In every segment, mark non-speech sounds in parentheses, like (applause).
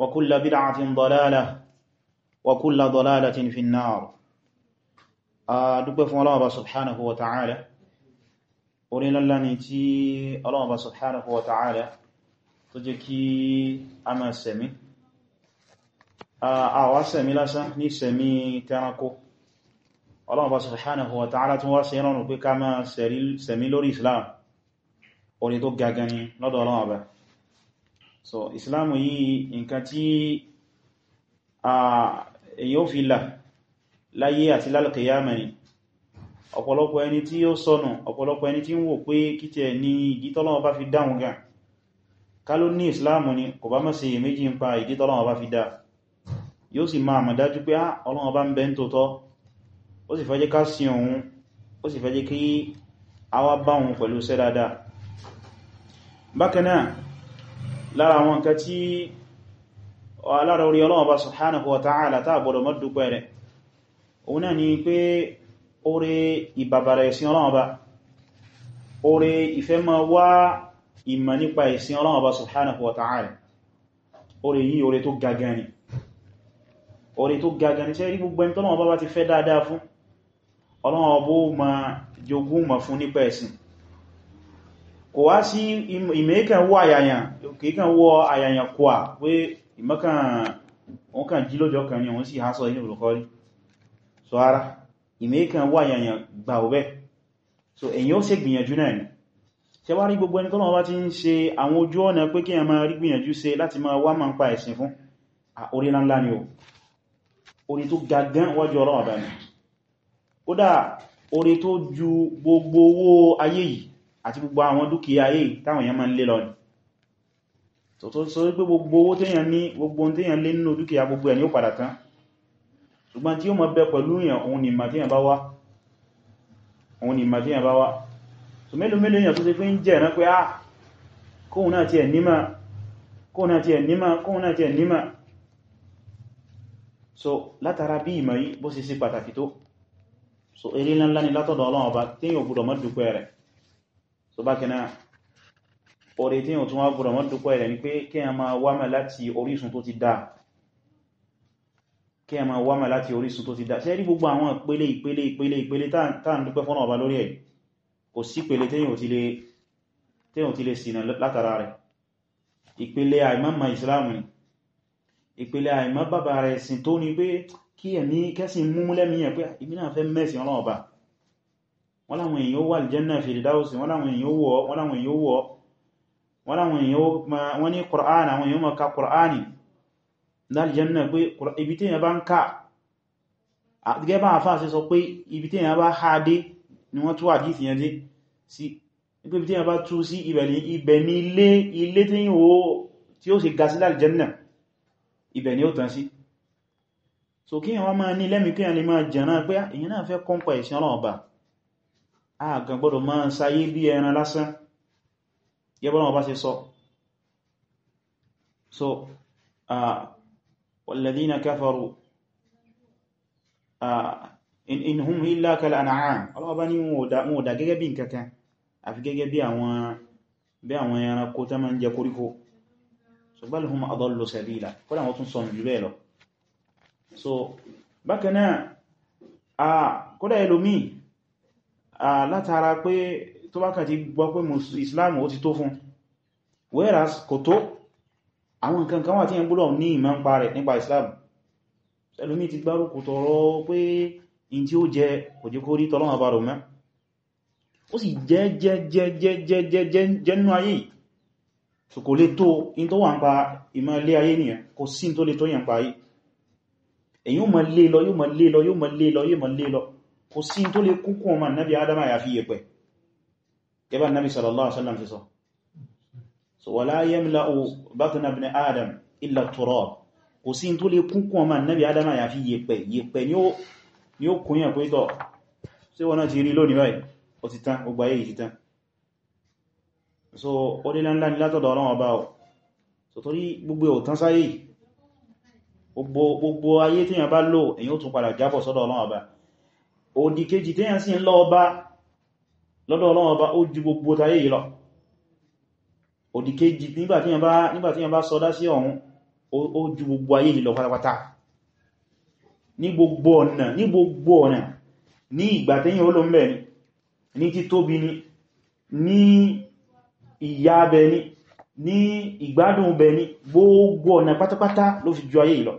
وكل بدعة ضلالة وكل ضلالة في النار أدوك الله سبحانه وتعالى أولي للاني تي الله سبحانه وتعالى تجكي أما سمي أعوى سمي لسا نسمي تركو Allah subhanahu wa ta'ala tún wá sí ìrànù pé ká máa sẹ̀mí so islam yìí nǹkan a èyàn fi là láyé àti lálùkìyàmẹ́ ni ọ̀pọ̀lọpọ̀ ẹni tí ó sọnù ọ̀pọ̀lọpọ̀ ẹni tí ń wò pé kìtẹ̀ ní ìgítọ́lọ́wọ́ bá fi dáhùn gan ká ló ní islam ni kò bá mọ́ sí méjì ń pa ìgítọ́lọ́wọ́ bá fi dá yóò sì máa mọ̀ dájú pé ọlọ́wọ́ bá ń bẹ ń lára àwọn nǹkan tí uh, alára orí Ọlọ́run Ọba subhanahu wa ta'ala tá àgbọ̀dọ̀ mọ́ dúpẹ́ rẹ̀ òun náà ni pé oore ìbàbàrà ẹ̀sìn Ọlọ́run Ọba oore ìfẹ́ ma wá ìmọ̀ nípa ẹ̀sìn Ọlọ́run Ọba subhanahu wa ta'ala oore yìí oore bá ti fẹ́ dáadáa kò wá sí ìmẹ́kàn wọ àyàyàn kìíkàn wọ àyàyàn kò à pé ìmọ́kàn wọn kàn jí lójọ́ kan ní wọ́n sì hásọ inú olùkọ́rí so ara ìmẹ́kàn wọ àyàyàn gbà ọ̀bẹ́ so èyí ó sì gbìyànjú náà ni ṣe wá rí gbogbo ẹni tọ́lọ́wọ́ bá ti ń ṣe àwọn ojú ọ̀nà pé kí a rí gbìyànjú ṣe láti máa wá máa ń pa ẹ̀sìn fún orí ńlá ni o orí tó gagán wájú ọlọ́wọ́ bá ni ó orí tó ju gbogbo owó ayé yìí àti gbogbo àwọn dúkìá ayé táwọn èèyàn máa ń lé lọ ní so wípé gbogbo owó téèyàn ní gbogbo ohun téèyàn lé nínú dúkìá gbogbo ẹ̀ ní ó padà tán ṣùgbọ́n tí ó mọ̀ bẹ pẹ̀lú èèyàn òun ni ìmà téèyàn bá wá so mélòó mélòó èèyàn tó ṣe pé ti ẹ̀ nímà kóhun náà so látara bí ìmọ̀ yìí bó ṣe ṣe pàtàkì tó so bákaná orí tí yíò tún wá gbọ́dọ̀ mọ́ dúpọ̀ ẹ̀rẹ̀ ni pé kí a máa wámẹ̀ láti orísun tó ti dáa kí a máa wámẹ̀ láti orísun tó ti dáa ṣe rí gbogbo àwọn ìpele ìpele ìpele ìpele tá ń dúpẹ́ fọ́nà ọba lórí ẹ̀ kò sí ìpele téyàn ti lè ṣìnà látara rẹ̀ ìpele àìmọ́mà ìsìláàmù ni ìpele àìmọ́ bàbá rẹ̀ sìn tó ní pé kí ẹ̀mí kẹ́sìn mú ẹ̀ pé ìmìnà fẹ́ mẹ́sìn ọlọ́ọ̀bà wọ́n láwọn èèyàn wà aljanna firdausi wọ́n láwọn èèyàn wọ́ wọ́n láwọn èèyàn wọ́ wọ́n láwọn èèyàn wọ́n ní Qur'an àwọn èèyàn máa ka Qur'ani láljanna pé ibi tí èèyàn bá ń ká gẹ́gẹ́ bá àfáà sí sọ pé ibi tí èèyàn bá há dé ni wọ́n tú àdísì yẹn dé sí pé ibi tí èèyàn bá tú sí ibẹ̀ ní ilé ilé tí ó sì ga sí láljanna ibẹ̀ ni ó tàn sí so kí èèyàn máa ní lẹ́mìí kí èèyàn lè máa jẹ̀rán pé ah, èèyàn náà fẹ́ kọ́ńpa ẹ̀sìn Ọlọ́run ọba a kàn gbọ́dọ̀ máa sáyé bí ẹran lásán gẹ́bọ́n wọn bá ṣe sọ so walladhina kafaru in hum illa kal an'am ọlọ́ọ̀bá ní wọn ò dà gẹ́gẹ́ bí nǹkankan àfi gẹ́gẹ́ bí àwọn ẹranko tó máa ń jẹ koríko so bal hum adallu sabila látara pé tó bá kàn ti gbọ́ pé islam ó ti tó fún whereas kò tó àwọn nǹkan kan wà tí yẹn gbọ́dọ̀ ní ìmọ̀ ń pa rẹ̀ nípa islam ẹlòmí ti gbárùkù tọrọ pé in tí ó jẹ òjòkó rí tọ́lọ́wọ́ bá rò mẹ́ ó sì jẹ́ jẹ́ jẹ́ jẹ́ jẹ́ jẹ́ jẹ́ jẹ́nú ayé so kò lè tó in tó wà ń pa ìmọ̀ ilé ayé nìyàn kò sí in tó lè tó yẹn pa ayé èyí ó mọ̀ lé lọ yóò mọ̀ lé lọ yóò mọ̀ lé lọ yóò mọ̀ lé lọ kò sí tó lè kúkú ọmọ annabi adama ya fi yẹpẹ̀ gẹba annabi sallallahu alaihi wasallam fi sọ so wala yamla'u batna ibn adam illa turab kò sí tó lè kúkú ọmọ annabi adama ya fi yẹpẹ̀ yẹpẹ̀ ni ó kúnyẹ̀ pé tọ́ sí wọ́n náà ti rí lónìí báyìí ó ti tán ó gbáyé ìti tán so ó dé láńlá ní látọ̀dọ̀ ọlọ́wọ́ bá ọ so torí gbogbo ọ̀tán sáyé gbogbo ayé tí yàn bá lò èyí ó tún padà jábọ̀ sọ́dọ̀ ọlọ́wọ́ bá òdì kejì tí yẹn sí ń lọ ọba lọ́dọ̀ ọlọ́wọ́ ọba ó ju gbogbo tayé yìí lọ òdì kejì nígbàtí yẹn bá sọdá sí ọ̀hún ó ju gbogbo ayé yìí lọ pátápátá ní gbogbo ọ̀nà ní ìgbà tẹ́yìn ó ló ń ní títóbi ni ní ìyà bẹ̀ ni ní ìgbádùn bẹ̀ ni gbogbo ọ̀nà pátápátá ló fi ju ayé yìí lọ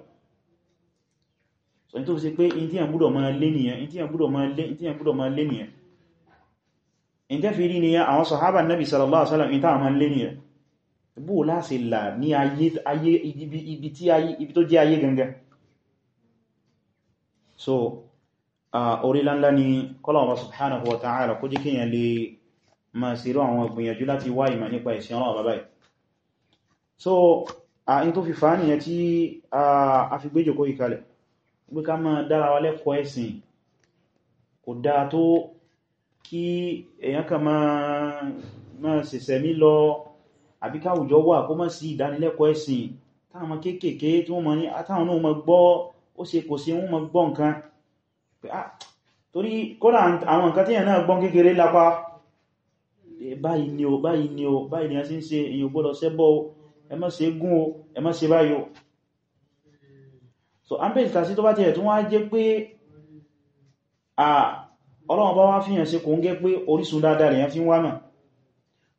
so in tó fi ṣe pé in tí yàn gbúdọ̀ máa lé nìyàn in tí yàn gbúdọ̀ máa lé in tí yàn gbúdọ̀ fi rí ni àwọn sahaba nabi sallallahu alaihi wasallam in táwọn máa lé nìyàn bó láti là ní ayé ibi tó jẹ́ ayé gangan so orílẹ̀ ńlá ni kọ́lọ̀wọ̀ subhanahu wa ta'ala kó jíkẹ́ yẹn lè ma sírò àwọn ìgbìyànjú láti wá ìmọ̀ nípa ìsìn ọlọ́wọ̀ bàbá so a in tó fi fà á nìyẹn tí a fi gbéjòkó ìkalẹ̀ pé ká máa dára wa lẹ́kọ̀ọ́ ẹ̀sìn kò dáa tó kí èyàn kan máa ṣẹ̀ṣẹ̀ mí lọ àbí káwùjọ wà kó má sí ìdánilẹ́kọ̀ọ́ ẹ̀sìn táwọn ọmọ kéékèèké tí wọ́n mọ̀ ní àtàwọn ah, náà mọ̀ gbọ́ ó ṣe kò sí wọ́n mọ̀ gbọ́ nǹkan ah, torí kódà àwọn nǹkan tí so ambeta isi to ba ti e tun wa je pe ah olorun ba wa fi yan se ko nge pe orisun daada re yan na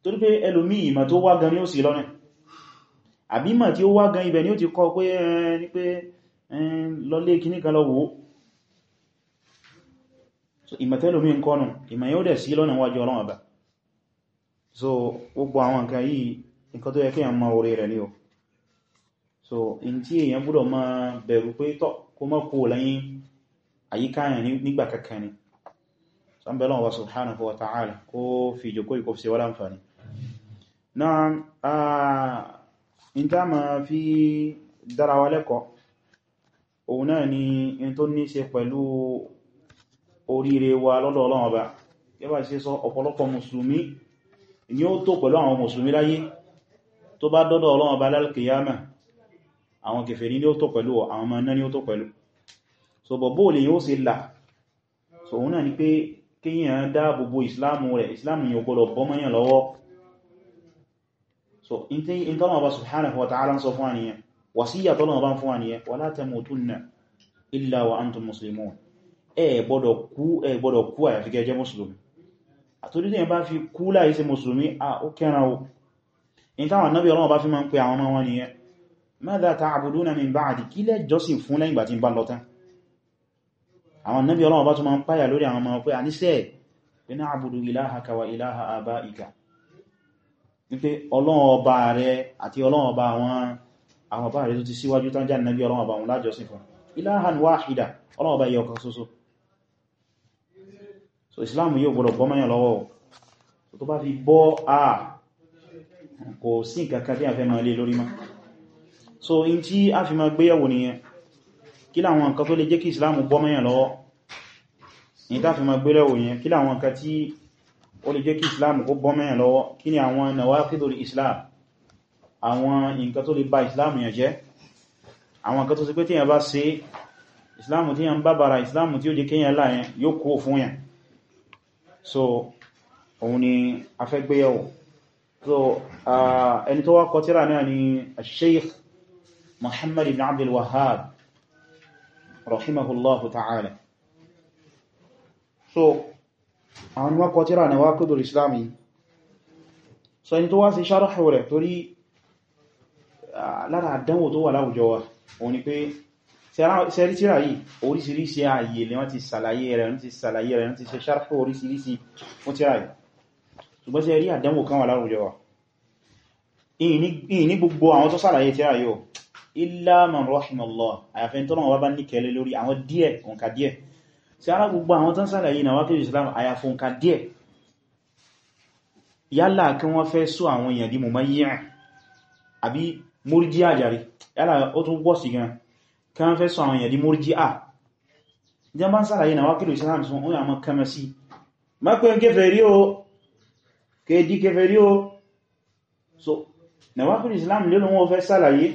tori pe elomi ima to wa gan ni o si lo ni abi ti o wa gan ibe ni o ti ko pe ni pe lo le kini kan wo so imate elomi n ko nu ima yo de si lo ni wa jo olorun ba so gbogbo àwọn nǹkan yìí nǹkan tó yẹ kí ẹ̀mọ̀ so in tí èyàn gbọ́dọ̀ máa bẹ̀rù pé tọ́ kó mọ́ kó lẹ́yìn àyíká yẹn nígbà kankan ni sọ́nbẹ̀lọ́wọ́ subhanahu wa ta'ala kó fi ìjòkó ìkọ̀ sí wọ́lá ǹfàní náà in tá ma fi dára wa lẹ́kọ̀ọ́ òun náà ni in tó ní ṣe pẹ̀lú oríire wa lọ́dọ̀ Ọlọ́run Ọba yẹ́bà ṣe ni ó tó pẹ̀lú àwọn mùsùlùmí láyé tó bá dọ́dọ̀ Ọlọ́run Ọba lálkìyàmà àwọn kèfèrí ní ó tó pẹ̀lú àwọn ọmọ náà ní ó tó pẹ̀lú so bọ̀bọ̀ lè yóò ṣe là so òun náà ni pé kíyàn dáàbòbò ìsìláàmù rẹ̀ ìsìláàmù yóò gbọ́dọ̀ bọ́mọ́yàn lọ́wọ́ so in tọ́nà bá subhanahu wa ta'ala sọ fún àníyàn wàsíyà tọ́nà bá fún àníyàn wala tamutunna illa wa antum muslimun ẹ gbọ́dọ̀ kú ẹ gbọ́dọ̀ kú àyàfi kẹ́ jẹ́ mùsùlùmí àtúrí ọlọ́wọ́ bá fi máa ń pe àwọn ọmọ wọn nìyẹn ماذا تعبدون من بعد kílẹ̀ jọ́sìn fún lẹ́yìn ìgbà tí ń bá lọ tán àwọn nábì Ọlọ́run bá tún máa ń páyà lórí àwọn ọmọ pé a níṣẹ́ pé na'budu ilahaka wa ilaha abaika wípé Ọlọ́run ọba rẹ àti Ọlọ́run ọba àwọn àwọn ọba rẹ tó ti síwájú tán já so Islam yóò gbọdọ̀ bọ́ mọ́yàn lọ́wọ́ tó bá fi bọ́ a kò sí nǹkan so in tí a fi ma gbéyàwó nìyẹn kí láwọn nǹkan tó lè jẹ́ kí islam bọ́ mẹ́yàn lọ́wọ́ ní tá fi ma gbéyàwó yẹn kí láwọn nǹkan tí ó lè jẹ́ kí islam kó bọ́ mẹ́yàn lọ́wọ́ kí ni àwọn nawaqidul islam àwọn nǹkan tó lè ba islam yẹn jẹ́ àwọn nǹkan tó sì pé tíyàn bá ṣe islam tíyàn bá bara islam tí ó jẹ́ kíyàn láyẹn yóò kó fún yẹn so òun ni a fẹ́ gbéyàwó so ẹni tó wá kọ tírà náà ni sheikh Muhammad ibn Abdul Wahhab rahimahullahu ta'ala so àwọn wọ́n kọ tírà Nawaqidul Islam yìí so ẹni tó wá sí ṣáráhù rẹ̀ torí lára àdánwò tó wà láwùjọ wa òun ni pé sẹ́rí tírà yìí orísìírísìí ààyè lè wọ́n ti sàlàyé rẹ̀ wọ́n ti sàlàyé rẹ̀ wọ́n ti ṣe ṣáráhù orísìírísìí fún tírà yìí ṣùgbọ́n sẹ́rí àdánwò kan wà láwùjọ wa ìyìn ní gbogbo àwọn tó sàlàyé tírà yìí illa man rahimallah àyàfẹ́ tọ́nà wà bá ní kẹ́lẹ̀ lórí àwọn díẹ̀ òǹkà díẹ̀ sí ara gbogbo àwọn tán sàlàyé na wákìlì islam àyàfẹ́ òǹkà díẹ̀ yálà kí wọ́n fẹ́ sọ àwọn èèyàn di mumayyi'ah àbí murji'a jàre yálà ó tún gbọ́ sí gan kí wọ́n fẹ́ sọ àwọn èèyàn di murji'a jẹ́ bá na wákìlì islam sọ ó fẹ́ sàlàyé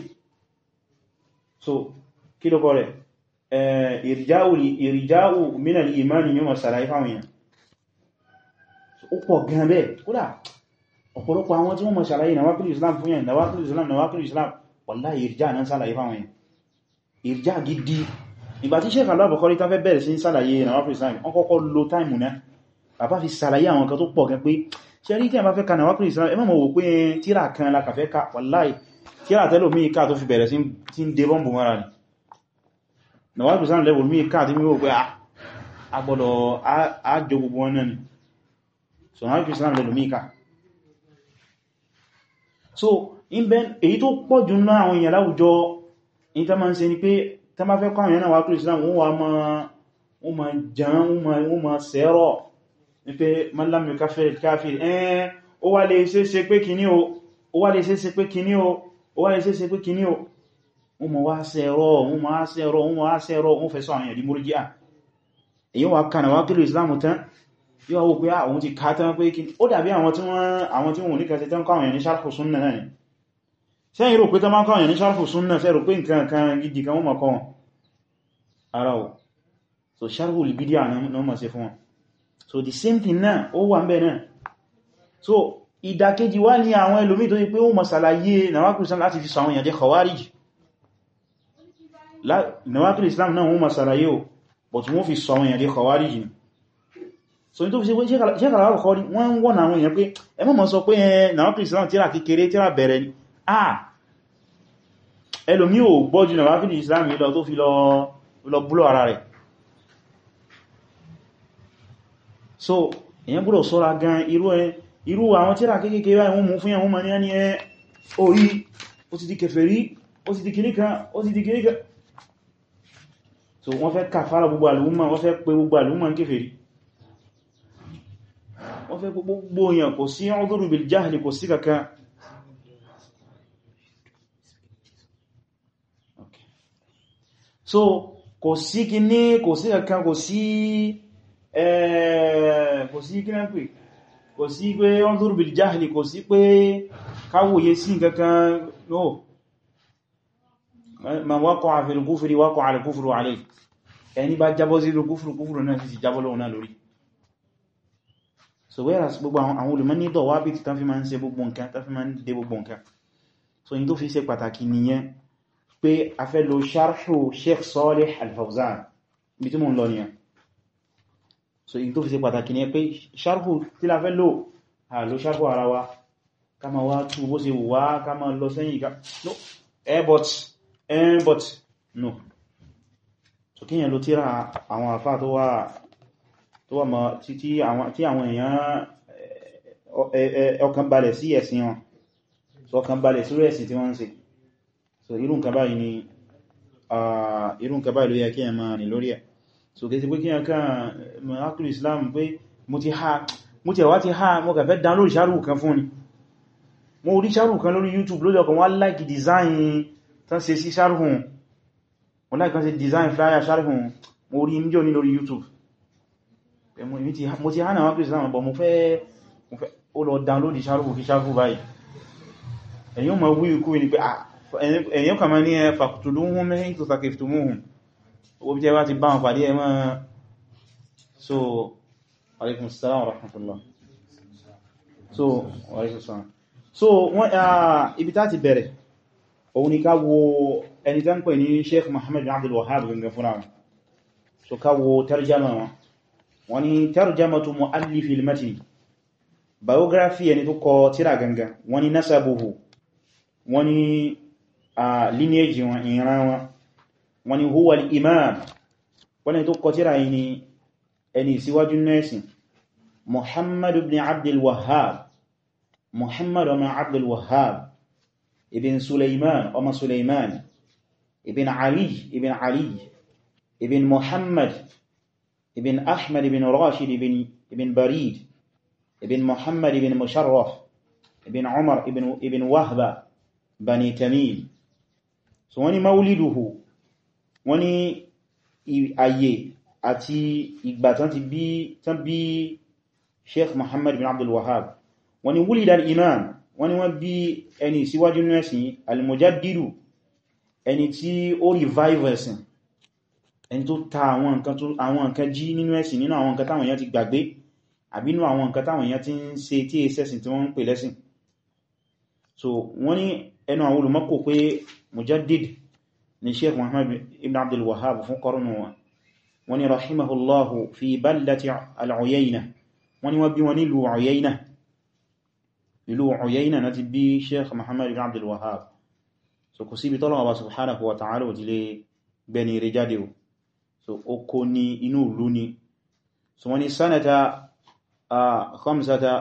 so kí ló kọ́ rẹ̀ ìrìjáwò mínàlì ìmáni yíò sàrà ìfàwọn èèyàn ó pọ̀ gan bẹ́ẹ̀ kódà ọ̀pọ̀lọpọ̀ àwọn tí wọ́n mọ̀ sàrà ìnà wákìlì islam fún yẹn nàwákìlì islam nàwákìlì islam wàlá ìrìjá náà sàrà ìfàwọn èèyàn ìrìjá gidi ìgbà tí sẹ́kà lọ́bọ̀kọ́rí tán fẹ́ bẹ̀rẹ̀ sí ń sàlàyé nàwákìlì islam wọ́n kọ́kọ́ lo táìmù náà bàbá fi sàlàyé àwọn kan tó pọ̀ gan pé ṣe rí tí a fẹ́ ka nàwákìlì islam ẹ mọ̀ wò pé eh, tíra kan la kíra tẹ́lò mí ká tó fi bẹ̀rẹ̀ sí ń dé bọ́m̀bù mọ́ra ni nàwàtí sáà lẹ́wò mí ká tí mí wò pé agbọ́dọ̀ ah, ájò gbogbo wọn náà ni so nàwàtí sáà lẹ́lò mí ká so in bẹ́ èyí tó pọ̀ jù náà àwọn èèyàn ni pé tẹ́ máa fẹ́ kọ́ àwọn èèyàn náà wá kúrò Islam wọ́n wá máa jẹun wọ́n máa sẹ́rọ̀ pé mọ́lámi káfẹ́ káfẹ́ ẹ̀ẹ́ ó wá lè ṣe ṣe pé kíní o ó wáyé ṣe ṣe pé kí ní o wọ́n mọ̀ wá sẹ́rọ wọ́n mọ̀ wá sẹ́rọ wọ́n mọ̀ wá sẹ́rọ wọ́n fẹ́ sọ àwọn èèyàn di múrùjíà èyí wà kànà wá kílò Islam tán yíwa wó pé àwọn ah, ti ká tán pé kí ó dàbí àwọn tí wọ́n ní kẹsẹ̀ tán káwọn èèyàn ní sharhu sunna náà ni sẹ́yìn rò pé tán bá káwọn èèyàn ní sharhu sunna sẹ́ rò pé nǹkan kan gidi kan wọ́n mọ̀ kọ́ wọn ara o so sharhu libidia náà mọ̀ sí fún wọn so the same thing náà ó wà ń bẹ̀ náà so ìdàkejì wá ní àwọn ẹlòmí tó ti pé ó mọ̀sàlàyé nawakul islam láti fi sàwọn ìyànjẹ́ khawarij nawakul islam náà wọ́n mọ̀sàlàyé o but wọ́n fi sàwọn ìyànjẹ́ khawarij ni so ní tó fi ṣe kàlàwà kọ́ rí wọ́n ń wọ́n àwọn èèyàn pé ẹ mọ́ sọ so èèyàn gbọ́dọ̀ sọ́ra gan irú ẹ̀ irú àwọn tíra kéèkéé wá ìwọ̀n mú fún ẹ̀wọ̀n ma ní ẹni ẹ orí ó ti di kèfèrí ó ti di kìníkan ó ti di kìníkan so wọ́n fẹ́ kàfàrà gbogbo àlúmà wọ́n fẹ́ pé gbogbo àlúmà ń kèfèrí wọ́n fẹ́ gbogbo èèyàn kò sí udhuru bil jahli kò sí kankan so kò sí kìní kò sí kankan kò sí eh, kò sí pé ọ́nzúrù bil jahli kò sí pé káwòye sí nǹkankan no man waqa'a fil kufri waqa'a al kufru alayhi ẹni bá jábọ́ sí kúfùrù kúfùrù náà sì jábọ́ lọ́wọ́ náà lórí so whereas gbogbo àwọn olùmọ̀ ní ìdọ̀wà bí ti tán fi máa ń ṣe a fẹ́ lo sharhu Sheikh Salih Al Fawzan bí tí mo so in tó fi ṣe pàtàkì ní pé sharhu tí la fẹ́ lò à ló sharhu ara wa ká ma wá tú bó ṣe wá ká ma lọ sẹ́yìn ká no airbot airbot no so kíyàn ló tíra àwọn àfá tó wà tó wà mọ̀ tí àwọn èèyàn ọkàn balẹ̀ sí ẹ̀sìn wọn so ọkàn balẹ̀ sí ẹ̀sìn tí wọ́n ń ṣe so irú nǹkan báyìí ni ah, irú nǹkan báyìí ló yẹ kí ẹ máa rìn lórí ẹ̀ so kẹsí pé kí yàn kan miracle islam pe mo ti ha mo ti ẹ̀wà ti ha mo kàfẹ́ dán lórí sáàrù kan fún ni mo rí sáàrù kan lórí youtube lójọ kan wọ́n like design tán ṣe sí sáàrù hùn wọ́n like kan ṣe design flyer sharu hùn mo rí níjọ́ ní lórí youtube mo ti hánà miracle islam bọ̀ mo fẹ́ ó lọ dán lórí sáàrù sharu sáàrù báyìí ẹ̀yìn ó ma wí ikú ni pé ah, ẹ̀yìn ó kàmá ní ẹ fàkùtùlúhùn mẹ́yìn tó sàkèftùmúhùn owó bí jẹ́ bá ti bá wọn pàdé ẹmọ́ so alaikum salam wa rahmatullah so alaikum salam so wọ́n ibi tá ti bẹ̀rẹ̀ òun ni ká wo ẹni tán pè ní sheikh Muhammad bin Abdul Wahhab gangan fúnra wọn so ká wo tarjama wọn wọ́n ni tarjamatu mu'allifi al-matn biography ẹni tó kọ tírà gangan wọ́n ni nasabuhu wọ́n ni lineage wọn ìran wọn wọ́n ni huwa al-imam wọ́n ni tó kọ tírà yìí ni ẹni síwájú nẹ́sìn Muhammad ibn Abdul Wahhab Muhammad ọmọ Abdul Wahhab ibn Sulaiman ọmọ Sulaiman ibn Ali ibn Ali ibn Muhammad ibn Ahmad ibn Rashid ibn, ibn Barid ibn Muhammad ibn Musharraf ibn Umar ibn, ibn Wahba bani Tamim so wani mauliduhu wọ́n ní ayé àti ìgbà tán ti bí tán bí sheikh muhammad bin abdul wahab wọ́n ní wulida al-imam wọ́n ní wọ́n bí ẹni síwájú nẹ́sìn al-mujaddidu ẹni tí ó revive ẹ̀sìn ẹni tó ta àwọn nǹkan jí nínú ẹ̀sìn nínú àwọn nǹkan táwọn èèyàn ti gbàgbé àbí nínú àwọn nǹkan táwọn èèyàn ti ń ṣe tí èsẹ́sìn tí wọ́n ń pè lẹ́sìn so wọ́n ní ẹnu àwọn olùmọ́kò pé mujaddid ni sheikh muhammad ibn abdul wahhab fún kọrùnù wọn wọ́n ní rahimahullahu fi baldati al'uyayna wọ́n ní wọ́n bí wọn nílùú uyayna ìlú uyayna na ti bí sheikh muhammad ibn abdul wahhab so kò síbi tọ́lọ̀ ọba subhanahu wa ta'ala ò ti lè gbẹni rẹ jáde o so ó kó ní inú ni so wọ́n sanata a khamsata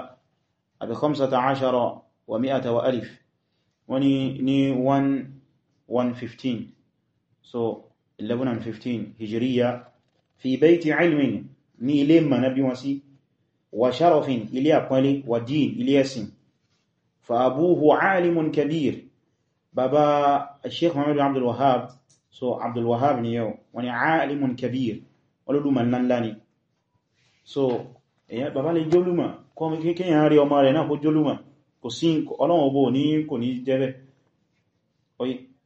àbí khamsata ashara wa mi'ata wa alif wọ́n ní 115 so 11 and 15 hijriya fi bayti ilmin ní ilé ma na bí wọn sí wa sharafin ilé àpọ́nlé wa din ilé ẹ̀sìn fa abúhu alimun kabir bàbá sheikh muhammadu abdul wahab so abdul wahab ni yau wani alimun kabir olùlùmọ̀ ńlá ni so èyàn bàbá lè jólùmọ̀ kọmí kéèyàn rí ọmọ rẹ̀ náà kó jólùmọ̀ kò sí ọlọ́wọ̀n bó ní kò ní jẹ́bẹ̀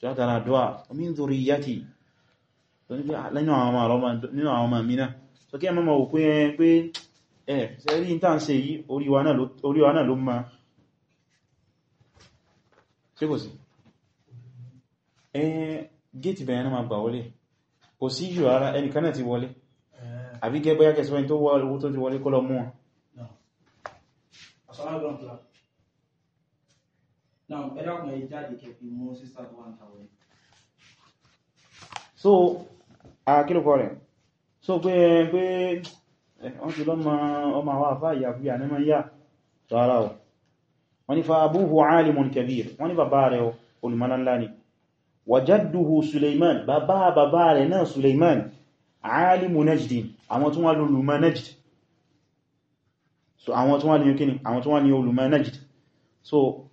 so látara dọ́wà omi ń zorí yá ti lẹ́nu àwọn ọmọ mi náà so kí ẹ mọ́mọ̀ wò pé ẹ̀ sẹ́rí ní tàà ń ṣe yí orí wa náà ló máa ṣe kò sí ẹ̀ gẹ́ẹ̀tì bẹ̀rẹ̀ náà ma gbà wọlé kò sí yíò ara ẹnìkan náà ti wọlé eh. àbí gẹ́gbẹ́ yákẹsọ́rin tó wọ́n tó ti wọlé kọ́lọ mú wọn náà ẹ dákun ẹ jáde kẹfì mú sísà tó wà ń ta wọlé. so àkílùkọ rẹ̀ so pé pé wọ́n ti lọ́mọ ọmọ àwọn àfá ìyàfíà ní ma ń yà tó ara ọ̀ wọ́n ni fa abúhù alimun kabir wọ́n ni bàbá rẹ̀ olùmọ́lánlá ni wàjádùhù suleiman bàbá bàbá rẹ̀ náà suleiman alimu najdi àwọn tó wà ní olùmọ́ najd so àwọn tó wà ní olùmọ́ najd so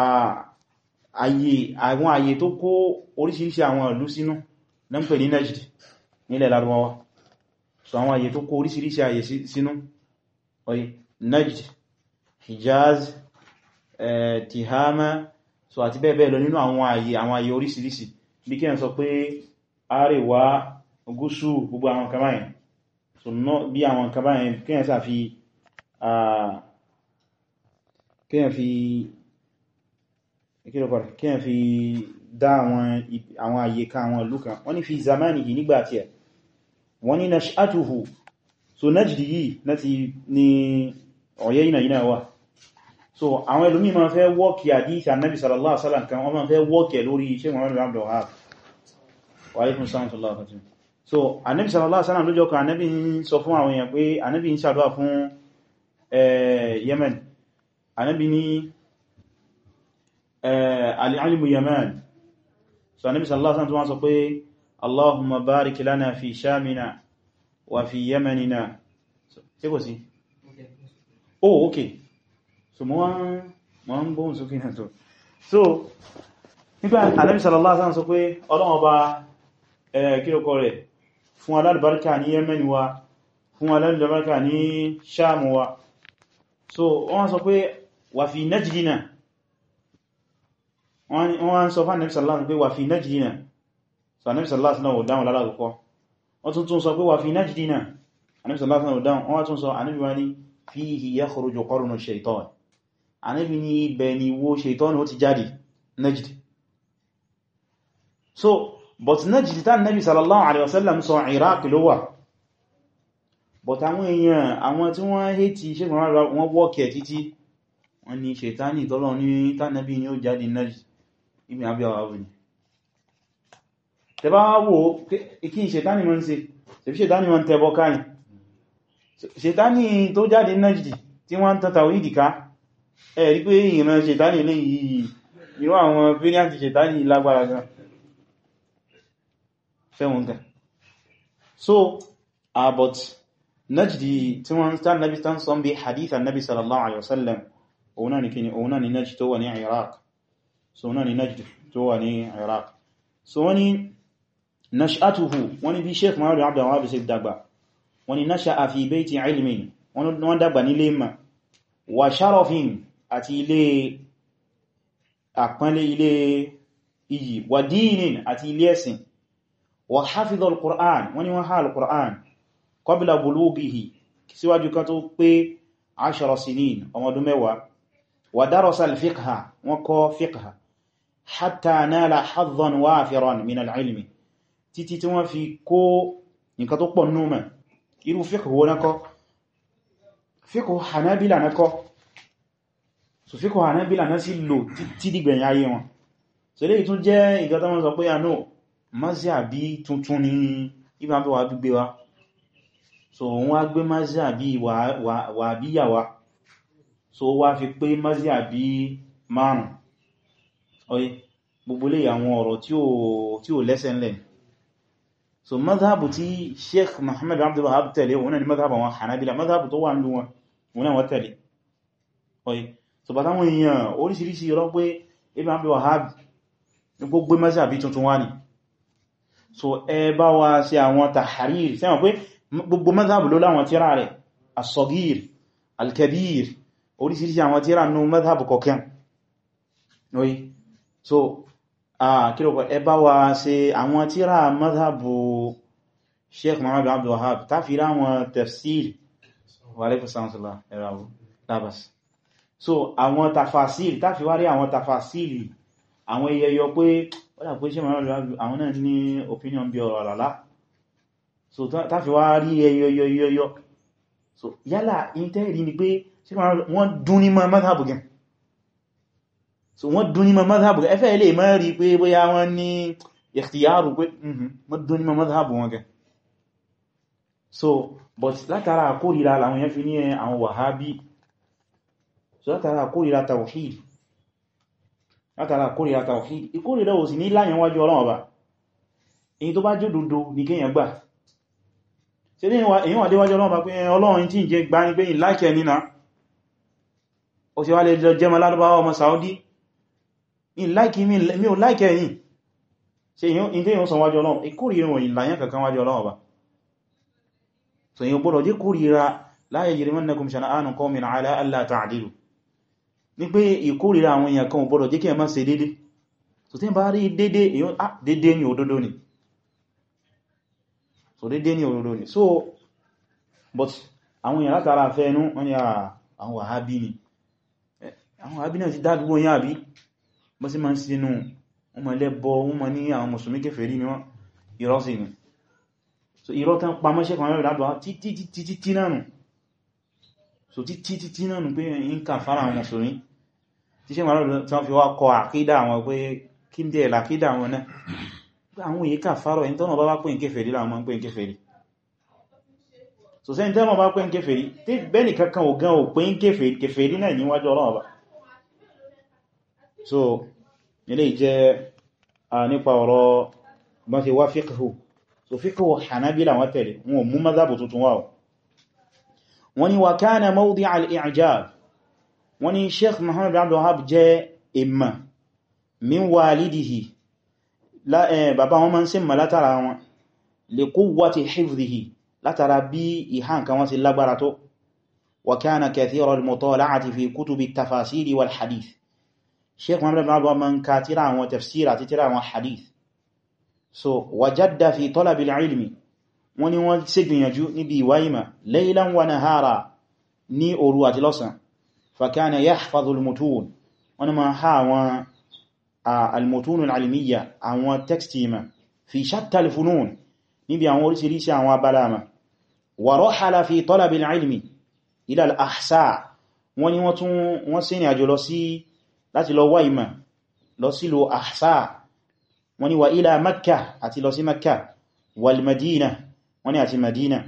àwọn àyè tó kó oríṣìíríṣìí àwọn ìlú sínú ló ń pè ní Najd nílẹ̀ Lárúbáwá so àwọn àyè tó kó oríṣìíríṣìí àyè sínú oye Najd Hijaz Tihama so àti bẹ́ẹ̀ bẹ́ẹ̀ lọ nínú àwọn àyè àwọn àyè oríṣìíríṣìí bí kí ẹ̀ sọ pé àríwá kílọ̀kọ̀ rẹ̀ kí ẹ fi dá àwọn àyíká àwọn ìlú kan wọ́n ní fi zamani yìí nígbà tí ẹ̀ wọ́n ní nash'atuhu so najdi yìí láti ní ọ̀yẹ́ yìí náà wà so àwọn ẹlòmí ma fẹ́ wọ́kì àdíṣà annabi sallallahu alaihi wasallam kan wọ́n ma fẹ́ wọ́kì ẹ̀ lórí iṣẹ́ wọn lọ́rọ̀ àbdọ̀ ààbò wa alaikum salam sallallahu alaihi wasallam so annabi sallallahu alaihi wasallam lójọ́ Eh, alìálìmù yaman so anabi sallallahu alaihi wasallam sọ pé allahumma barik lana fi shamina wa fi yamanina tí kò sí oh okay so mo wọ́n bóhùn sókè náà tó so nígbà anabi sallallahu alaihi wasallam sọ pé ọlọ́wọ́ bá eh, kírókọ rẹ̀ fún alálùbáríkà ní yemen wa fún alálùbáríkà ní sham so wọ́n sọ pé wà fi najdina wọ́n sọ fún Ànábì sallallahu pé wà fi najdina so Ànábì sallallahu náà ò dáhùn lálàkọ́kọ́ wọ́n tún tún sọ pé wà fi najdina Ànábì sallallahu náà ò dáhùn wọ́n tún sọ Ànábì wá ní fihi yakhruju qarnu shaytan Ànábì ní ibẹ̀ ni wó so but najd tá Ànábì sallallahu alaihi wasallam sọ iraq ló wà but àwọn èèyàn àwọn tí wọ́n hétí ṣe wọ́n wọ́kẹ̀ títí wọ́n ní ṣètánì tọ́lọ́ ní tánàbí ni ó jáde najd ìmì àbíyàwó àwòrán tẹbá wò kí n ṣètánì mọ́ ń ṣe tẹbí ṣètánì mọ́ ń tẹbọ káyìn ṣètánì tó jáde nájìdì tí wọ́n ń tàn tàwídì ká ẹ̀rí pé ìran ṣètánì lè yìí irú àwọn fíríàntì ṣètánì lágbára gan fẹ́wọ̀n gan so about ah, nájìdì tí wọ́n ń tàn nábi tán sọ́mbé hadith annabi sallallahu alaihi wasallam òun náà ni nájì tó so náà ni najd tó wà ní iraq so wọ́n ni nash'atuhu wọ́n ni bí sheikh muhammadu abdul wahab ṣe dàgbà wọ́n ni nasha'a fi bayti ilmin wọ́n dàgbà nílé ma wa sharafin àti ilé àpọ́nlé ilé iyì wa dinin àti ilé ẹ̀sìn wa hafidha al-qur'an wọ́n ni wọ́n ha al-qur'an qabla bulughihi síwájú kan tó pé ashara sinin ọmọdún mẹ́wàá wa darasa al wọ́n kọ́ fiqha hatta nala haddan wafiran min al'ilmi títí tí wọ́n fi kó nǹkan tó pọ̀ numa irú fiqh wo nako fiqh hanabila nako so fiqh hanabila na si lo títí digben ayé wọn so le tún jẹ́ nǹkan tó wọ́n sọ pé ano ah, mazhabi tuntun ni ibn abdul wahab gbé wá so wọ́n á gbé mazhabi wa wa bi yawa so wá fi pé mazhabi márùn-ún oye gbogbo lè àwọn ọ̀rọ̀ tí ó lẹ́sẹ̀ ńlẹ̀ so mazhabu tí sheikh Muhammad Abdul Wahhab tẹ̀lé wọn ni mazhabu àwọn Hanabila mazhabu tó wà ń lú wọn wọn náà wọ́n tẹ̀lé oye so bàtà wọn èèyàn oríṣiríṣi irọ́ pé Ibn Abdul Wahhab gbogbo mazhabi tuntun wá ni so ẹ bá wa ṣe àwọn tahrir sẹ́wọ̀n pé gbogbo mazhabu ló láwọn tíra rẹ̀ as-Saghir al-Kabir oríṣiríṣi so kílòpọ̀ ẹ bá wa ṣe àwọn tíra madhabu sheikh muhammad abdul wahab tàfi láwọn tafsir wàlẹ́fẹ́sánsọ́lá ẹ̀rọ labas so àwọn tafasir tàfi wárí àwọn tafasir àwọn ẹyẹyọ pé wọ́dà pé sheikh muhammad àwọn náà ní opinion bí ọ̀rọ̀ àlàlá so tàfi wárí ẹyẹyọyọyọ so yálà intẹ́rì ni pé wọ́n dún ní madhabu gan so wọ́n dún ní ma mazhabu ẹfẹ́ ilé ma rí pé bóyá wọ́n ní ikhtiyaru pé mm-hmm, wọ́n dún ní ma mazhabu wọn gẹ́ so but látara àkórìíra làwọn yẹn fi ní àwọn wàhábí so látara àkórìíra tawhid látara àkórìíra tawhid ìkórìíra ò sì ní láyẹn wájú ọlọ́wọ́ bá èyí tó bá jó dodo ní kéèyàn gbà ṣe ní èyí wà déwájú ọlọ́wọ́ bá pé ọlọ́run tí ń jẹ gbá ní pé ìláìkẹ́ nínà ó sì wá lè jẹ́ mọ́ lárúbáwọ́ ọmọ Saudi mi ò láìkẹ́ ẹ̀yìn ṣe in tẹ́yìn sọ wájú ọlọ́run ìkórìíra wọn ìlàyàn kankan wájú ọlọ́run ọba so yíò gbọ́dọ̀ jẹ́ kórìíra la yajrimannakum shana'anu qawmin ala alla ta'dilu ní pé ìkórìíra àwọn èèyàn kan ò gbọ́dọ̀ jẹ́ kí ẹ má ṣe dédé so tí bá rí dédé èyàn á ah, dédé ní òdodo ni so dédé ní òdodo ni so but àwọn èèyàn látara fẹ́ ẹnu wọ́n ni ah, àwọn wàhábí ni eh, àwọn wàhábí náà ti dá gbogbo yẹn àbí bọ́ sí ma ń sínú wọ́n ma lẹ́bọ wọ́n ma ní àwọn mùsùlùmí kèfèrí ni wọ́n irọ́ sí ni so irọ́ tán pamọ́ṣẹ́ kan rẹ̀ lábọ̀ títí títí tí nánú so títí títí nánú pé ń kà fara àwọn mùsùlùmí tí ṣe màrọ̀ tí wọ́n fi wá kọ àkídà àwọn pé kí ń dẹ̀ làkídà àwọn náà àwọn èyí kà fara ẹni tọ́nà bá bá pè ń kèfèrí làwọn ń pè ń kèfèrí so sẹ́ni tẹ́nà bá pè ń kèfèrí tí bẹ́ẹ̀ni kankan ò gan ò pè ń kèfèrí náà níwájú ọlọ́run ọba so ilé jẹ́ a nípa ọ̀rọ̀ gbọ́n fi wá fíkhù so fíkhù hanabila wọ́n tẹ̀lé wọn ò mú mazhabu tuntun wá wọ́n ni wa kana mawdi al-i'jab wọ́n ni sheikh muhammad bin abdul wahab jẹ́ imma min walidihi bàbá wọn ma ń sin ma látara wọn li quwwati hifdhihi látara bí ìhá nǹkan wọn sí lágbára tó wa kana kathira al-mutala'ati fi kutubi at-tafasiri wal hadith sheikh muhammad ibn agba man ka tírà àwọn tafsir àti tírà hadith so wajadda fi talabil ilmi wọ́n ní wọ́n ṣe gbìyànjú níbi ìwáyìmá laylan wa nahara ní òru àti lọ́sàn fakana yahfazu almutun wọ́n ní ma ha àwọn almutun alalmiya àwọn textima fi shatta alfunun níbi àwọn oríṣiríṣi àwọn abálama wa rahala fi talabil ilmi ila ahsa wọ́n ní wọ́n tún wọ́n ṣe ní àjò lọ sí láti lọ wá ìmọ̀ lọ sílò àṣà wọ́n ní wà ilá makka àti lọ sí makka wal madina wọ́n ní àti madina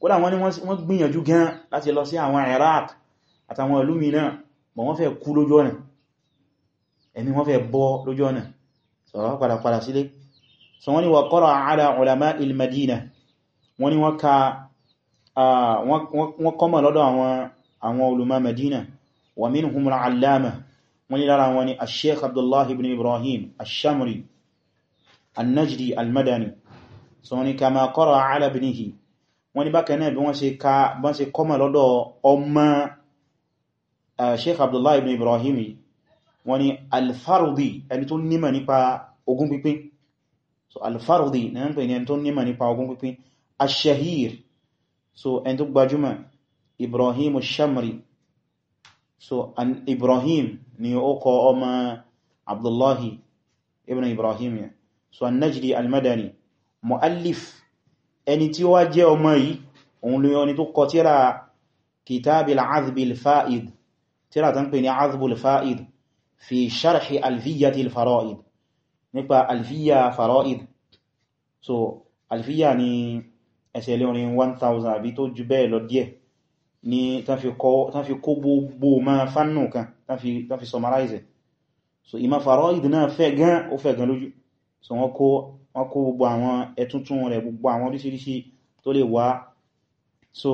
kódà wọ́n ní wọ́n gbìyànjú gan láti lọ sí àwọn iraq àtàwọn ìlú mìíràn mọ̀ wọ́n fẹ́ kú lójú ọ̀nà ẹ̀mí wọ́n fẹ́ bọ́ lójú ọ̀nà sọ̀rọ̀ padà padà sílé so wọ́n ní wà qara ala ulama il madina wọ́n ní wọ́n kọ́mọ̀ lọ́dọ̀ àwọn olùmọ̀ madina wa minhum al-allama wọ́n ní lára wọn ni asheikh abdullahi ibn ibrahim ashamri annajdi almadani so wọ́n ni kama qara ala ibnihi wọ́n ní bákan náà bí wọ́n ṣe kọ́mọ̀ lọ́dọ̀ ọmọ eh, sheikh abdullahi ibn ibrahim wọ́n ni alfarudi ẹni tó nímọ̀ nípa ogún pínpín so alfarudi na ń pè ní ẹni tó nímọ̀ nípa ogún pínpín so ẹni tó gbajúmọ̀ ibrahim so an Ibrahim ni ó kọ ọmọ Abdullahi ibn Ibrahim yẹn so an Najdi al-Madani mu'allif ẹni tí ó wá jẹ́ ọmọ yìí òun lè ọni tó kọ tíra kitabil azbil fa'id tíra tán pè ní azbul fa'id fi sharhi alfiyyati al-fara'id nípa alfiyya fara'id so alfiyya ni ẹsẹ̀ lórin 1000 àbí tó jù bẹ́ẹ̀ lọ díẹ̀ ni tán fi kó gbogbo ma fánù kan tán fi summarize so ìmá faraid náà fẹ́ gan ó fẹ́ gan lójú so wọ́n kó gbogbo àwọn ẹ̀tuntun rẹ̀ gbogbo àwọn oríṣiríṣi tó lè wá so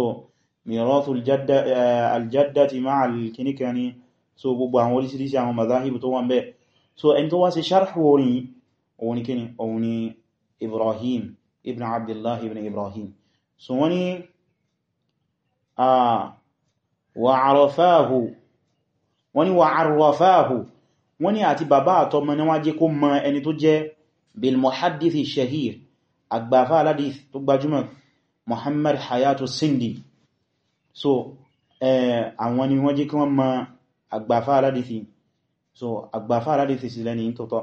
mirathul eh, aljaddati ma'a alkinikani so gbogbo àwọn oríṣiríṣi àwọn mazahibu tó wọ́n bẹ́ so ẹni tó wá sí sharhu orin òun ni kíni òun ni Ibrahim ibn Abdullah ibn Ibrahim so wọ́n ni wa arafāhu wọ́n ni wa arafāhu wọ́n ni àti bàbá àtọmọ ni wọ́n jẹ́ kó mọ ẹni tó jẹ́ bil muhaddithi shahir àgbàfà aládìí tó gbajúmọ̀ Muhammad Hayatu Sindi so àwọn ni wọ́n jẹ́ kí wọ́n mọ àgbàfà aládìí so àgbàfà aládìí sí lẹ́ni tọ́tọ́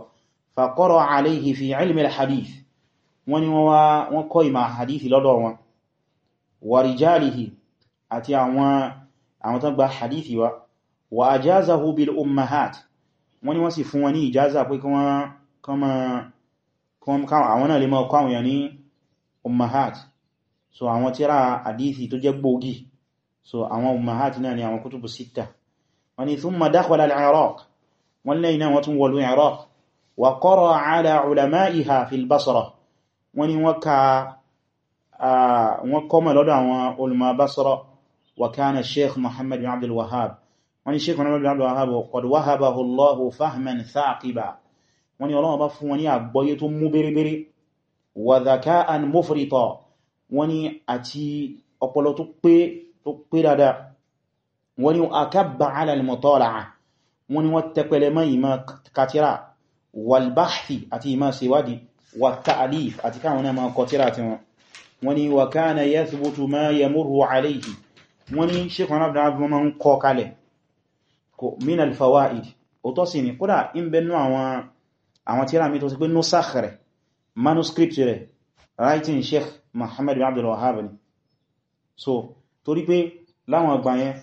faqara alayhi fi ilmi al-hadith wọ́n ni wọ́n kọ́ ìmọ̀ hadith lọ́dọ̀ wọn wa àti àwọn tó gba hadithi wa wa ajazahu bil ummahat wọ́n ni wọ́n sì fún wọn ní ìjáza pé àwọn náà lè mọ́ kọ́ àwọn ní ummahat so àwọn tíra hadithi tó jẹ́ gbòógì so àwọn ummahat náà ni àwọn kutubu sita wọ́n ni thumma dakhala al-iraq wọ́n lẹ́yìn náà wọ́n tún wọlú iraq wa qara ala ulamaiha fil basra wọ́n ni wọ́n ka ah, wọ́n kọ́mọ̀ lọ́dọ̀ àwọn ulama basra وكان الشيخ محمد بن عبد الوهاب wọ́n ni Sheikh Muhammad bin Abdul Wahhab qad wahabahu Allahu fahman thaqiba wọ́n ni Ọlọ́run bá fún wọn ní àgbọ́yé tó mú bèrèbèrè wa dhaka'an mufrita wọ́n ni àti ọpọlọ tó pé tó pé dada wọ́n ni akabba 'ala al-mutala'a wọ́n ni wọ́n tẹpẹlẹ mọ́ ìmọ̀ katira wal bahthi àti ìmọ̀ síwádi wa ta'lif àti káwọn náà mọ́ kọtira ti wọn wọ́n ni wa kana yathbutu ma yamurru alayhi wọ́n ní sheikh wọn abdá abdá ma ń kọ kalẹ̀ kò min alfawaid o tọ́ sí ni kódà in bẹnu àwọn tíra tó sì pé nusakh rẹ̀ manuscript rẹ̀ writing sheikh Muhammad bin ni so torí pé láwọn ọgbà yẹn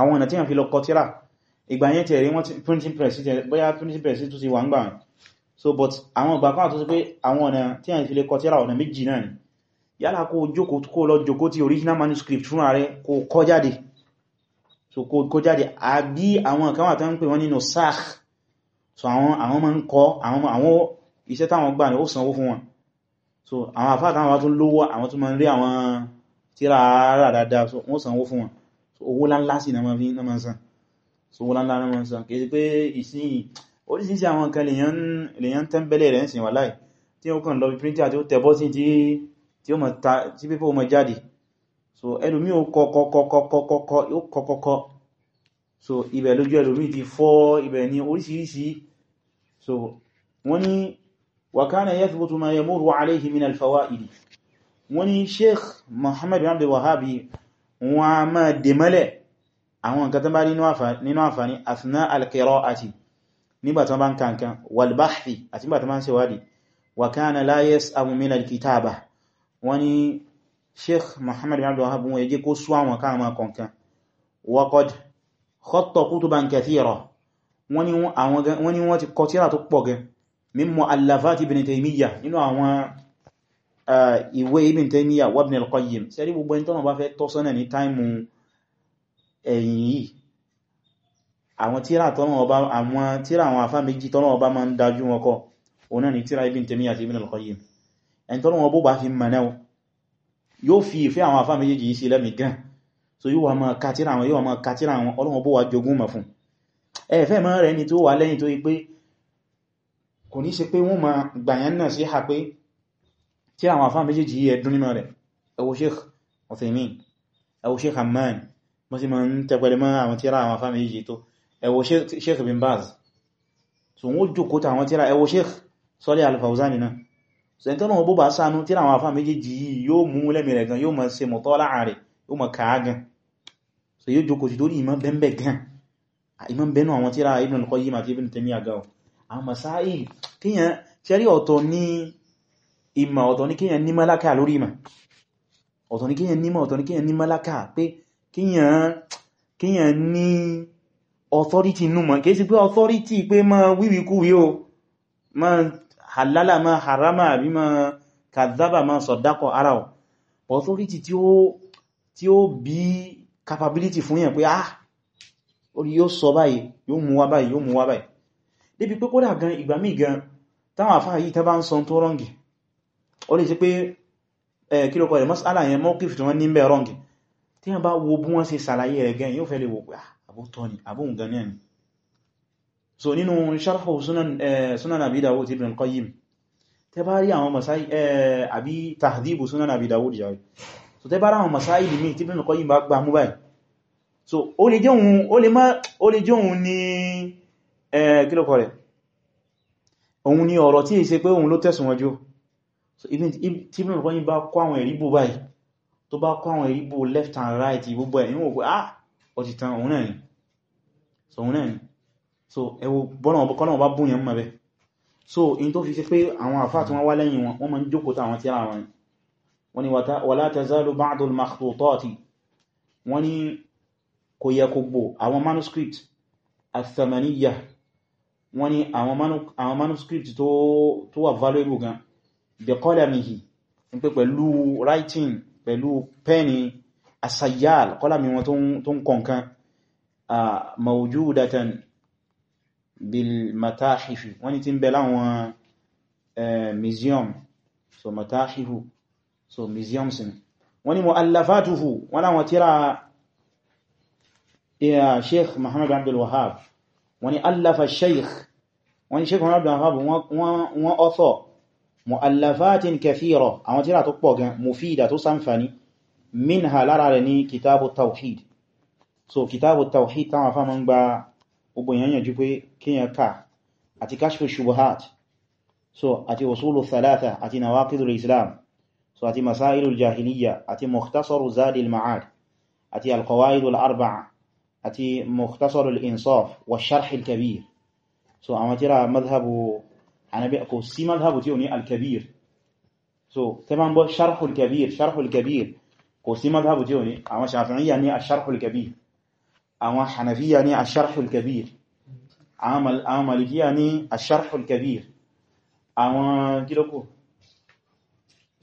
àwọn ọ̀nà tí wọ́n fi lọ kọ tíra ìgbà yẹn tẹ̀rí wọ́n printing press bóyá printing press tó ti wà so but àwọn ọgbà kan tó sì pé àwọn ọ̀nà tí yálà kó jókó kó lọ jókó ti original manuscript fún ààrẹ kó kọ jáde so kó kọ jáde àbí àwọn kan wà tán ń pè wọ́n nínú sáàk so àwọn àwọn máa ń kọ àwọn iṣẹ́ táwọn gbà ní ó sanwó fún wọn so àwọn àfáà táwọn wá tún lówó àwọn tún máa ń rí àwọn tíra rà so wọ́n sanwó fún wọn so owó láńlá sí náà so owó láńlá náà máa ń san kìí sí pé ìsìn oríṣiríṣi àwọn kan lèyàn tẹ́ńbẹ́lẹ̀ rẹ̀ ń sìn wà tí pépé ọmọ jáde so ẹlòmí ó kọkọkọkọkọ so ibẹ̀ lójú ẹlòmí ti fọ́ ibẹ̀ ní oríṣiríṣi so wọ́n ní wa kana yathbutu ma yamuru alayhi min alfawaidi wọ́n ní sheikh Muhammad bin Abdul Wahhabi wọ́n a máa dèmọ́lẹ̀ àwọn nǹkan tó bá rí nínú àǹfàní athna al-qira'ati nígbàtán bá ń kankan wal bahthi àti nígbàtán bá ń ṣèwádìí wa kana la yas'amu min kitaba wọ́n ní sheikh Muhammad bin Abdul Wahhab wọ́n yẹ jẹ́ kó sú àwọn káàmà kọ̀ọ̀kan waqad khatta kutuban kathira wọ́n ní wọ́n ti kọ tírà tó pọ̀ gan min mu'allafati ibn Taymiyyah nínú àwọn ìwé ibn Taymiyyah wa ibn al-Qayyim sẹ́rí gbogbo ẹni tọ́nà bá fẹ́ tọ́sọ́nà ní táìmù ẹ̀yìn yìí àwọn tíra tọ́nà ọba àwọn ẹni tọ́lọ́ wọn bó bá fi mọ̀ náà yóò fi ìfẹ́ àwọn afá méjèèjì yìí sí lẹ́mì gan so yóò wà máa kátírà àwọn yóò wà máa kátírà àwọn ọlọ́wọ́n bó wà jogún mọ̀ fún ẹ̀fẹ́ mọ́ rẹ̀ ni tó wà lẹ́yìn tó yí pé kò ní ṣe pé wọ́n ma gbàyàn náà sí ha pé tí àwọn afá méjèèjì yìí ẹ̀dún nímọ̀ rẹ̀ ẹwọ Sheikh Uthaymin ẹwọ Sheikh Hamman mo sì ma ń tẹpẹlẹ mọ́ àwọn tíra àwọn afá méjèèjì tó ẹwọ Sheikh Bin Baz so wọ́n jòkó tàwọn tíra ẹwọ Sheikh Salih al náà so en tọ́lọ́wọ́ bó bá sánú tí àwọn afá méjèèjì yìí yóò mú lẹ́mì rẹ̀ gan yóò mọ̀ ṣe mọ̀ tọ́lá rẹ̀ yóò mọ̀ kàá gan so yóò jókòó sí torí ìmọ̀ bẹ́m̀bẹ̀ gan ìmọ̀ bẹ́nu àwọn tíra Ibn al-Qayyim àti Ibn Taymiyyah gan àwọn masáì kíyàn ṣẹ́rí ọ̀tọ̀ ní ìmọ̀ ọ̀tọ̀ ní kíyàn ní mọ́láka lórí ìmọ̀ ọ̀tọ̀ ní kíyàn nímọ̀ ọ̀tọ̀ ní kíyàn ní mọ́láka pé kíyàn o máa halala ma harama àbí ma kàzábà ma sọ̀dákọ̀ ara ọ̀ authority tí ó tí ó bí capability fún yẹn pé ah orí yóò sọ báyìí yóò mú wá báyìí yóò mú wá báyìí débi pé kódà gan ìgbà míì gan táwọn àfáà yìí tẹ́bá ń sọ tó rọ́ǹgì ó lè ṣe pé kílòkọ̀ rẹ̀ mas'ala yẹn mọ́kífì tí wọ́n ní bẹ̀ rọ́ǹgì tí wọ́n bá wo bí wọ́n ṣe ṣàlàyé rẹ̀ gan yóò fẹ́ lè wò pé ah, àbótọ́ ni àbóhùn gan ni so nínú sharhu sunan eh, sunan abi dawud ibn qayyim tẹ bá rí àwọn masai eh, àbí tahdhibu sunan abi dawud jari so tẹ bá rí àwọn masai lè mí tí ibn qayyim bá gbà mú báyìí so ó lè jẹun ó lè má ó lè jẹun ní eh, kí ló kọ rẹ̀ òun ni ọ̀rọ̀ tí è ṣe pé òun ló tẹ̀sùn wọ́jú so even tí ibn qayyim bá kó àwọn ẹ̀rí bò báyìí tó bá kó àwọn left and right gbogbo ẹ̀ níwọ̀n pé ah ó ti tan òun náà ni so òun náà ni so ẹwọ bọ́nà ọ̀bọ̀kọ́ náà bá bùn yẹn mọ̀ so in tó fi ṣe pé àwọn àfáà tí wọ́n wá lẹ́yìn wọn wọ́n ma ń jókòó táwọn tí ara wọn wọ́n ni wala tazalu ba'dul makhtutati wọ́n ni kò yẹ kò gbò àwọn manuscript athamaniya wọ́n ni àwọn manuscript tó wà valuable gan biqalamihi ń pé pẹ̀lú writing pẹ̀lú pẹ́ni asayal kọ́lámi wọn tó ń kọ̀ǹkan ah, bilmatahifi wọ́n ni tí ń bẹ láwọn museum so matahifu so museum sin wọ́n ni mu'allafatuhu wọ́n láwọn tíra iya sheikh Muhammad Abdul Wahhab wọ́n ni allafa sheikh wọ́n ni sheikh Muhammad Abdul Wahhab wọ́n author mu'allafatin kathira àwọn tíra tó pọ̀ gan mufida tó ṣàǹfààní minha lára rẹ̀ ní kitabu tawhid so kitabu tawhid táwọn afá gbogbo èyàn yànjú pé kíyàn ká àti kashfu shubuhat so àti usulu thalatha àti nawaqidul islam so àti masailul jahiliya àti mukhtasaru zadil ma'ad àti alqawaidul arba'a àti mukhtasarul insaf wa sharhil kabir so àwọn tíra madhhabu hanabi kò sí madhhabu tí ó ní alkabir so tẹ́ ma ń bọ́ sharhul kabir sharhul kabir kò sí madhhabu tí ó ní àwọn shafi'iyya ní asharhul kabir àwọn hanafiya ní asharhul kabir àwọn malikiya ní asharhul kabir àwọn kílòkù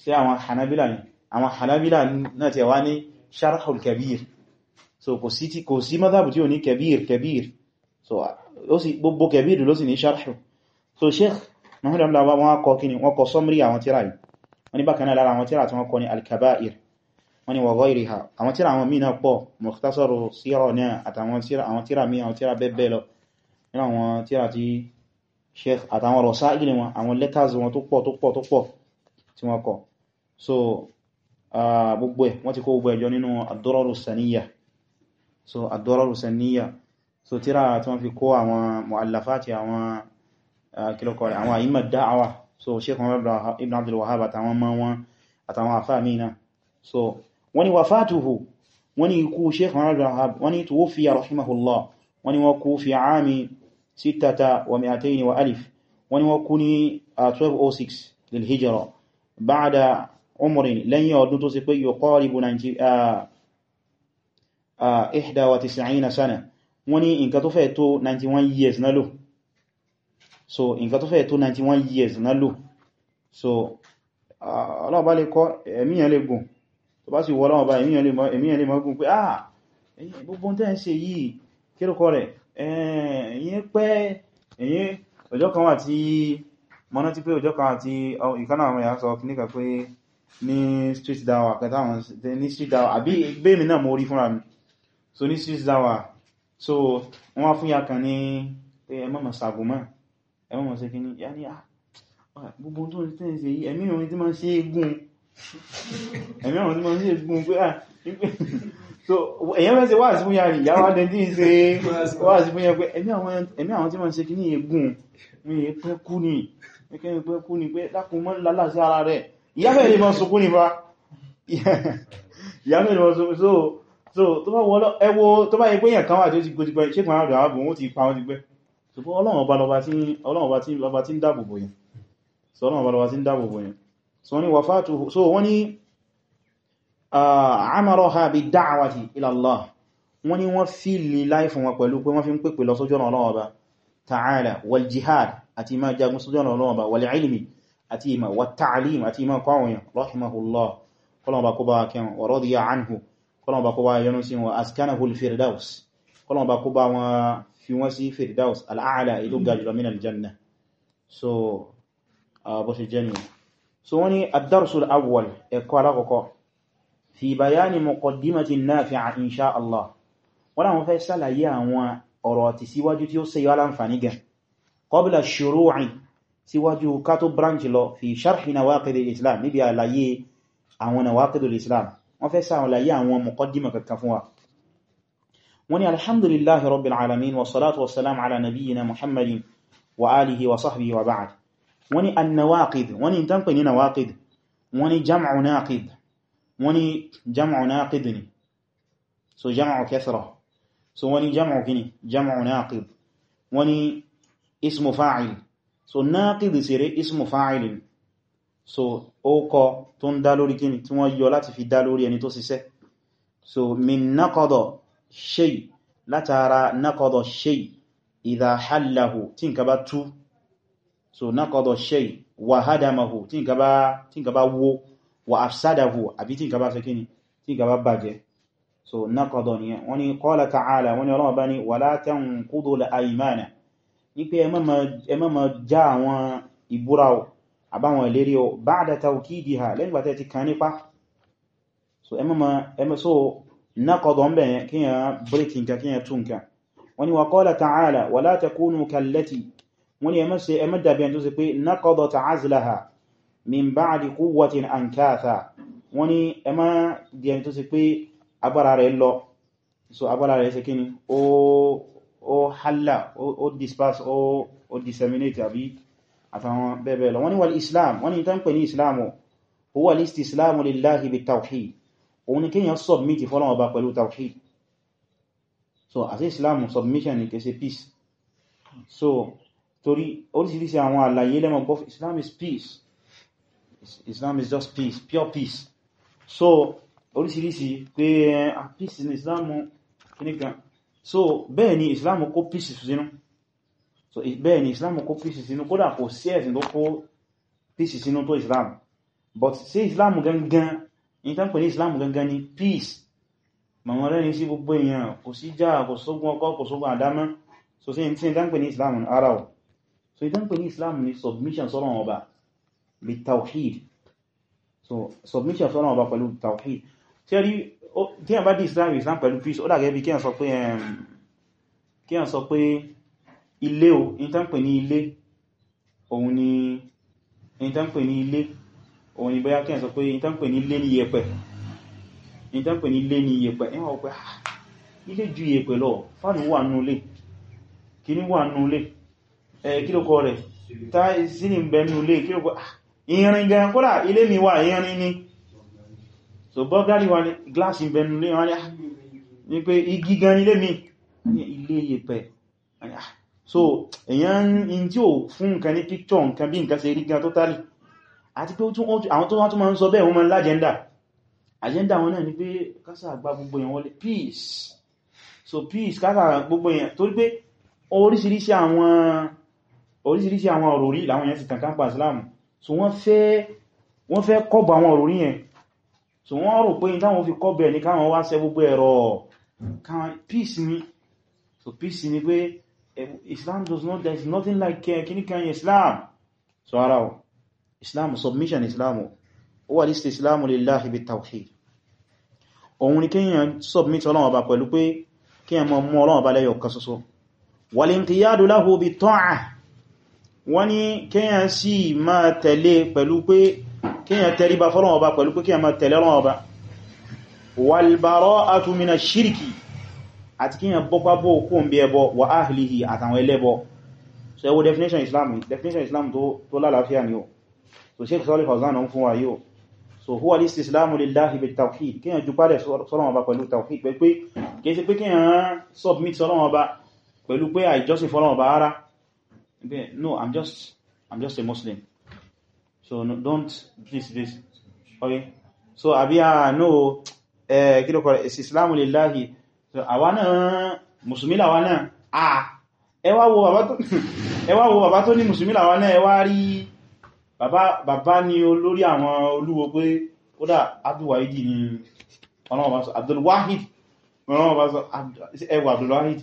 sí àwọn hanabila ní àwọn hanabila náà tẹ̀wá ní sharhul kabir so kò sí kò sí madhabu tí ó ní kabir kabir so ó sì gbogbo kabir ló sì ní sharhu so sheikh mahudu amla wọn kọ kí wọn kọ sọmrí àwọn tírà yìí wọn ni bákanáà lára àwọn tírà tí wọn kọ ní al wọ́n ni wa ghayriha àwọn tíra àwọn mìíràn pọ̀ mukhtasaru síra náà àtàwọn tíra mìíràn àwọn tíra bẹ́ẹ̀ lọ nínú àwọn tíra ti sheikh àtàwọn rọ̀sá ilé wọn àwọn letters wọn tó pọ̀ tó pọ̀ tí wọ́n kọ so gbogbo ẹ̀ wọ́n ti kó gbogbo ẹjọ́ nínú ad so ad-duraru saniyya so tíra tí wọ́n fi kó àwọn mu'allafati àwọn kílọ̀kọ̀ rẹ̀ àwọn àyímọ̀ da'awa so sheikh Ibn Abdul Wahhab àtàwọn ọmọ wọn àtàwọn àfáà mìíràn so wọ́n ni wafatuhu wọ́n ni ikú sheikh muhammad al-wahhab wọ́n ni tuwufiya rahimahullah wọ́n ni wọ́n kú fi aami sittata wa mi'atayn wa alif wọ́n ni wọ́n kú ní 1206 lil hijra ba'da umrin lẹ́yìn ọdún tó sì pé yuqaribu 91 uh, uh, sana wọ́n ni nǹkan tó fẹ́ tó 91 years na lò so nǹkan tó fẹ́ tó 91 years na lò so uh, ọlọ́ọ̀bá lè kọ́ ẹ̀míyàn lè gùn bá sì wọ́lá ọba èmìyàn lè mọ́gún pé ah gbogbo tẹ́ ń ṣe yìí kírùkọ rẹ̀ ẹ̀yìn pẹ́ ẹ̀yìn ọjọ́ kan wà tí mọ́ná ti pé ọjọ́ kan àti ìkánà àwọn èèyàn sọ kìníkà pé ní street dawa kẹta àwọn ní street dawa àbí bẹ́ẹ̀mì náà mo rí fúnra mi so ní street dawa so wọ́n wá fún ya kan ní pé ẹ mọ́mọ̀ sàgùnmọ́ ẹ mọ́mọ̀ sí kìíní yá ní à ah, gbogbo tó ń tẹ́ ń ṣe yìí ẹ̀mí ìrìn tí máa ń ṣe (laughs) Ah, ẹ̀mí àwọn tí mo ní ẹgbùn pé à so èyàn mẹ́sẹ̀ wà sí fúnyà ìyá wà dẹ̀ ṣe wà sí fúnyà pé ẹ̀mí àwọn tí mo ṣe kí ní egun mi è pẹ́ kú ní pẹ́ kú ní pé lákùn mọ́ lálà sí ara rẹ̀ ìyá mẹ́rin mọ́ ní bá ìyá mẹ́rin mọ́ so wọ́n ni wafatuhu so wọ́n ni ah, amaraha bi da'wati ila Allah wọ́n ni wọ́n fi lè láìfù wọn pẹ̀lú pé wọ́n fi ń pèpè lọ sójú ọ̀nà Ọlọ́run Ọba ta'ala wal jihad àti ma jagun sójú ọ̀nà Ọlọ́run Ọba wal ilmi àti ìmọ̀ wa ta'alim àti ìmọ̀ kọwọ̀nyà rahimahullah kọlọ̀ọ̀bà kó bá kẹwọn wa radiya anhu kọlọ̀ọ̀bà kó bá yọnu sí wọn askanahu al-firdaus kọlọ̀ọ̀bà kó bá wọn fi wọ́n sí firdaus al'ala ìlú gajùlọ min aljanna so ah, bó ṣe jẹ́ nìyàn so wọ́n ni ad-darsul awwal ẹ̀kọ́ alákọ̀ọ́kọ́ fi bayani muqaddimati nafi'a insha Allah wọ́n láwọn fẹ́ sàlàyé àwọn ọ̀rọ̀ àti síwájú tí ó ṣe yọ́ aláǹfàní gan qabla shuru'i síwájú kátó branch lọ fi sharhi nawaqidil islam níbi àlàyé àwọn nawaqidil islam wọ́n fẹ́ sàlàyé àwọn muqaddima kankan fún wa wọ́n ni wọ́n ni annawaqid wọ́n ni tán pè ní nawaqid wọ́n ni jam'u naqid wọ́n ni jam'u naqid ni so jam'u kathra so wọ́n ni jam'u kini jam'u naqid wọ́n ni ismu fa'il so naqid sire ismu fa'il so ó kọ tó ń dá lórí kini tí wọ́n yọ láti fi dá lórí ẹni tó ṣiṣẹ́ so min naqada shay látara naqada shay idha hallahu tí nǹkan bá tú so naqada shay wa hadamahu tí nǹkan bá tí nǹkan bá wó wa afsadahu àbí tí nǹkan bá ṣe kíni tí nǹkan bá bàjẹ́ so naqada ni wọ́n ní qala ta'ala wọ́n ní Ọlọ́run bá ní wala tanqudul aymana ní pé ẹ má ma já àwọn ìbúra àbáwọn ìlérí o ba'da tawkidiha so ẹ má so naqada ń bẹ̀yẹn breaking kíyàn tún kan wọ́n ní wa qala ta'ala wala takunu kallati wọ́n ní ẹ má ṣe ẹ má dàbí ẹni tó ṣe pé naqadat azlaha min ba'di quwwatin ankatha wọ́n ní ẹ má di ẹni tó ṣe pé agbára rẹ̀ lọ so agbára rẹ̀ ṣe kíni ó ó ó disperse ó disseminate àbí àtàwọn bẹ́ẹ̀bẹ́ẹ̀ lọ wọ́n ní islam wọ́n ní tán pè ní torí oríṣìíríṣìí àwọn àlàyé lẹ́mọ̀ gbọ́ Islam is peace Islam is just peace pure peace so oríṣìíríṣìí pé a ah, peace ní Islam kìníkan so bẹ́ẹ̀ ni Islam kó peace sínú so bẹ́ẹ̀ ni Islam kó peace sínú kódà kò sí ẹ̀sìn tó kó peace sínú tó Islam but sí Islam gangan ní tán pè ní Islam gangan ni peace màwọn rẹ́ni sí gbogbo èèyàn kò sí jà kò sógun ọkọ̀ kò sógun àdámọ́ so sí ní tí ní tán pè ní Islam ara ọ̀ so ìdán pè ní islam ni submission sọ́rọ̀ ọba bí tawhid so submission sọ́rọ̀ ọba pẹ̀lú tawhid tí a rí tí a bá dí islam islam pẹ̀lú peace ó dàgẹ́ bí kí a sọ pé ilé o ìtàn pè ní ilé òun ni ìtàn pè ní ilé òun ni bóyá kí a sọ pé ìtàn pè ní ilé ní yẹ̀pẹ̀ ìtàn pè ní ilé ní yẹ̀pẹ̀ ìwọ̀n pẹ̀ ah, ilé ju yẹ̀pẹ̀ lọ fáànù wà nú ilé kìíní wà nú ilé Eh, kílòkọ rẹ̀ tá sínì bẹnu ilé kílòkọ ìrìn ah, gan kọ́lá ilé mi wà ìrìn ni so bob daddy wà ní gláàsì bẹnu ilé wọ́n ah, ní pé igi gan ilé mi ilé yẹ̀pẹ̀ ah. so èyàn in tí ó fún nǹkan ní picture nǹkan bí nǹkan ṣe rí gan totally àti pé àwọn tó wá tó máa ń sọ bẹ́ẹ̀ wọ́n máa ń lájẹ́ndà agenda wọn náà ni pé kásà gba gbogbo èèyàn wọlé peace so peace kásà gbogbo èèyàn torí pé oríṣiríṣi àwọn oríṣiríṣi àwọn òròrí láwọn èèyàn ti tàn káńpà islamu so wọ́n fẹ́ wọ́n fẹ́ kọ́bọ̀ àwọn òròrí yẹn so wọ́n rò pé ìtàwọn fi kọ́bẹ̀ ní káwọn wá ṣe gbogbo ẹ̀rọ peace ni so peace ni pé eh, islam does not there is nothing like eh, kíníkan islam so ara o islam submission islam ó wà list islam lillahi bi tawhid òun ni kíyàn submit ọlọ́run ọba pẹ̀lú pé kíyàn mọ́ ọlọ́run ọba lẹ́yọ̀ kan ṣoṣo wal inqiyadu lahu bi ta'ah wọ́n ní kíyàn sí máa tẹ̀lé pẹ̀lú pé kíyàn tẹríba fọ́lọ́wọ́ ọba pẹ̀lú pé kíyàn máa tẹ̀lé ọlọ́wọ́ ọba walbara'atu mina shirki àti kíyàn bọ́pá bọ́ òkú ń bí ẹbọ wa ahlihi àtàwọn ẹlẹ́bọ so ẹwọ definition Islam definition Islam tó lálàáfíà ni o so Shaykh Saalih Fawzān ń fún wa yóò so huwa al-istislamu lillahi bit-tawhīd kíyàn ju pàdẹ̀ sọ́lọ́wọ́ ọba pẹ̀lú tawhid pé pé kìí sí pé kíyàn submit sọ́lọ́wọ́ ọba pẹ̀lú pé àìjọ́sìn fọ́lọ́wọ́ ọba ara no i'm just i'm just a muslim so no, don't this this okay so Abia, ah, no eh kilo ko islamu lillahi so awana Muslim awana ah ẹ wá wo bàbá tó (laughs) ẹ wá wo Baba tó ní muslimi lawa na ẹ wá rí bàbá ni olori àwọn olúwo pé ó dá abdul wahid ni ọlọ́wọ́ bá sọ abdul wahid ọlọ́wọ́ bá sọ ẹwà abdul wahid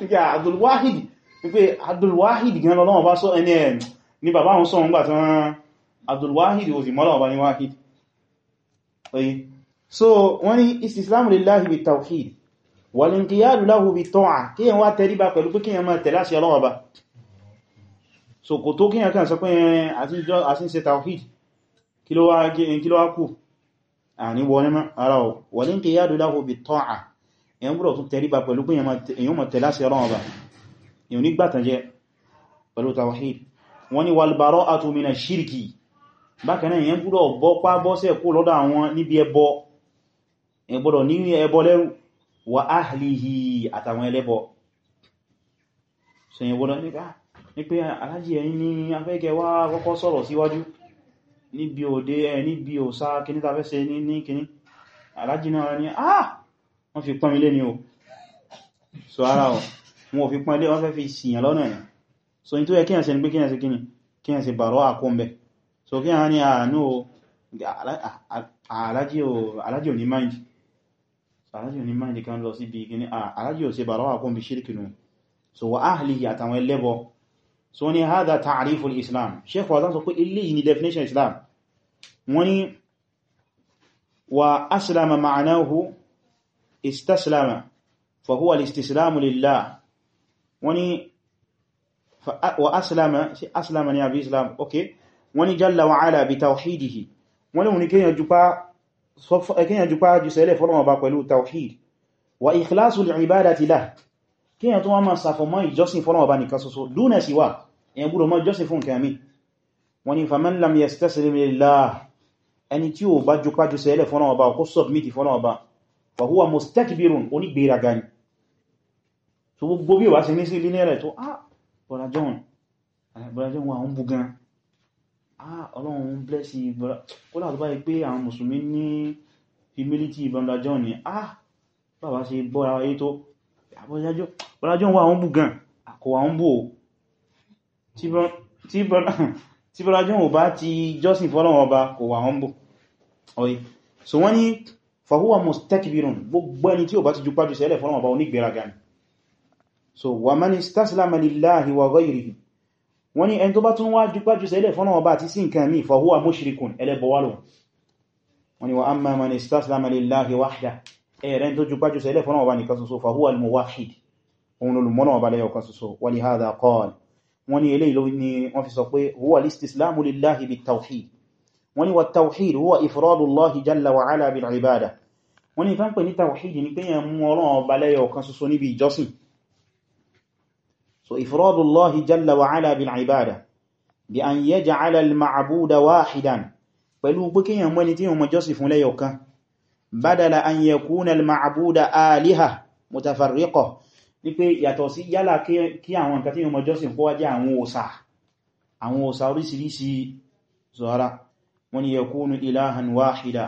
nígbà Abdulwahid wípé Abdulwahid gan lọ́wọ́ bá sọ ẹni ẹ̀ ní bàbá àwọn sọ ọ̀ngbà tán Abdulwahid ò sì mọ́lọ̀ ọba ní wahid so wọ́n ní istislamu lillahi bi tawhid wal inqiyadu lahu bi ta'ah kí yẹn wá tẹríba pẹ̀lú pé kí yẹn máa tẹ̀lé àṣẹ Ọlọ́run so kò tó kí yẹn kàn sọ pé àti ń ṣe tawhid kí ló wá kú èyàn gbọ́dọ̀ tún tẹríba pẹ̀lú pé èyàn mọ̀ tẹ̀lá sí ọlọ́wọ́ bá èyàn nígbàtànjẹ́ pẹ̀lú tawhid wọ́n ni walbaro atomina shirki bákanáà èyàn gbọ́dọ̀ bọ́ pá bọ́sẹ̀ kó lọ́dọ̀ àwọn níbi ẹbọ èyàn gbọ́dọ̀ ní ẹbọ lẹ́rù wa ahlihi àtàwọn ẹlẹ́bọ sẹ̀yìn gbọ́dọ̀ ní pé ah, alájì ẹ̀yìn ni afẹ́kẹ́ wá kọ́kọ́ sọ̀rọ̀ síwájú níbi òde ẹ̀ níbi òsá kìnítafẹ́sẹ̀ ní kìní alájì náà ni ah wọ́n fi pọ́n ilé ní o so ara o wọ́n fi pọ́n ilé wọ́n fẹ́ fi sìyàn lọ́nà ẹ̀ so in tó yẹ kíyànsí ní pé kíyànsí kíni kíyànsí bàrọ́ àkóǹbẹ̀ so kíyàn ní àánú o alájí ò ní mind alájí ò ní mind kan lọ sí bí kíní alájí ò so ni hadha ta'rifu al-islam sheikh wa zan sọ pé ilé yìí ni definition islam wọ́n wa aslama ma'anahu istaslama fahuwa al-istislamu lillah wani wa aslama sí aslama ni àbí islam ok wani jalla wa ala bi tawhidihi wani wani kíyàn jupa jùsẹ̀lẹ̀ fọ́lọ́wọ́ ba pẹ̀lú tawhid wa ikhlasul ibadati lah kíyàn tó wọ́n ma sàfọ́ mọ́ ìjọsìn fọ́lọ́wọ́ ba nìkan ṣoṣo dúnà sí wà ẹ̀yàn gúrò fàhúwà mustakbirun onígbèraga ni so gbogbo bí wà sí ní sí ilé rẹ̀ tó ah bọ̀rà john eh, bọ̀rà john wà ń bú gan ah ọlọ́run ń blẹ́sì bọ̀rà kó láti báyìí pé àwọn mùsùlùmí ní humility bọ̀rà john ni ah bàbá sí bọ́ra ayé tó ah, bọ̀rà john wà ń bú gan àkọ̀ ah, wà ń bú o tí bọ̀rà john ò bá ti jọ́sìn fọ́lọ́run fàhúwà mustakbirun gbogbo ẹni tí ó bá ti jùpájú sẹ́lẹ̀ fọ́nà ọba onígbèraga ni so wà mani staslama lillahi wa ghayrihi wọ́n ni ẹni tó bá tún wá jùpájú sẹ́lẹ̀ fọ́nà ọba àti sí nǹkan mí fàhúwà mushrikun ẹlẹ́bọ̀wálò wọ́n ni wa amma mani staslama lillahi wahda ẹ̀rẹ́ tó jùpájú sẹ́lẹ̀ fọ́nà ọba nìkan ṣoṣo fàhúwà al-muwahhid òun wọ́n ni wat-tawhid huwa ifradu Allahi jalla wa ala bil ibada wọ́n ni ìfẹ́ ní tawhid ní pé yẹn mú Ọlọ́run ọba lẹ́yọ kan ṣoṣo níbi ìjọsìn so ifradu Allahi jalla wa wọ́n ní yakunu ilahan wahida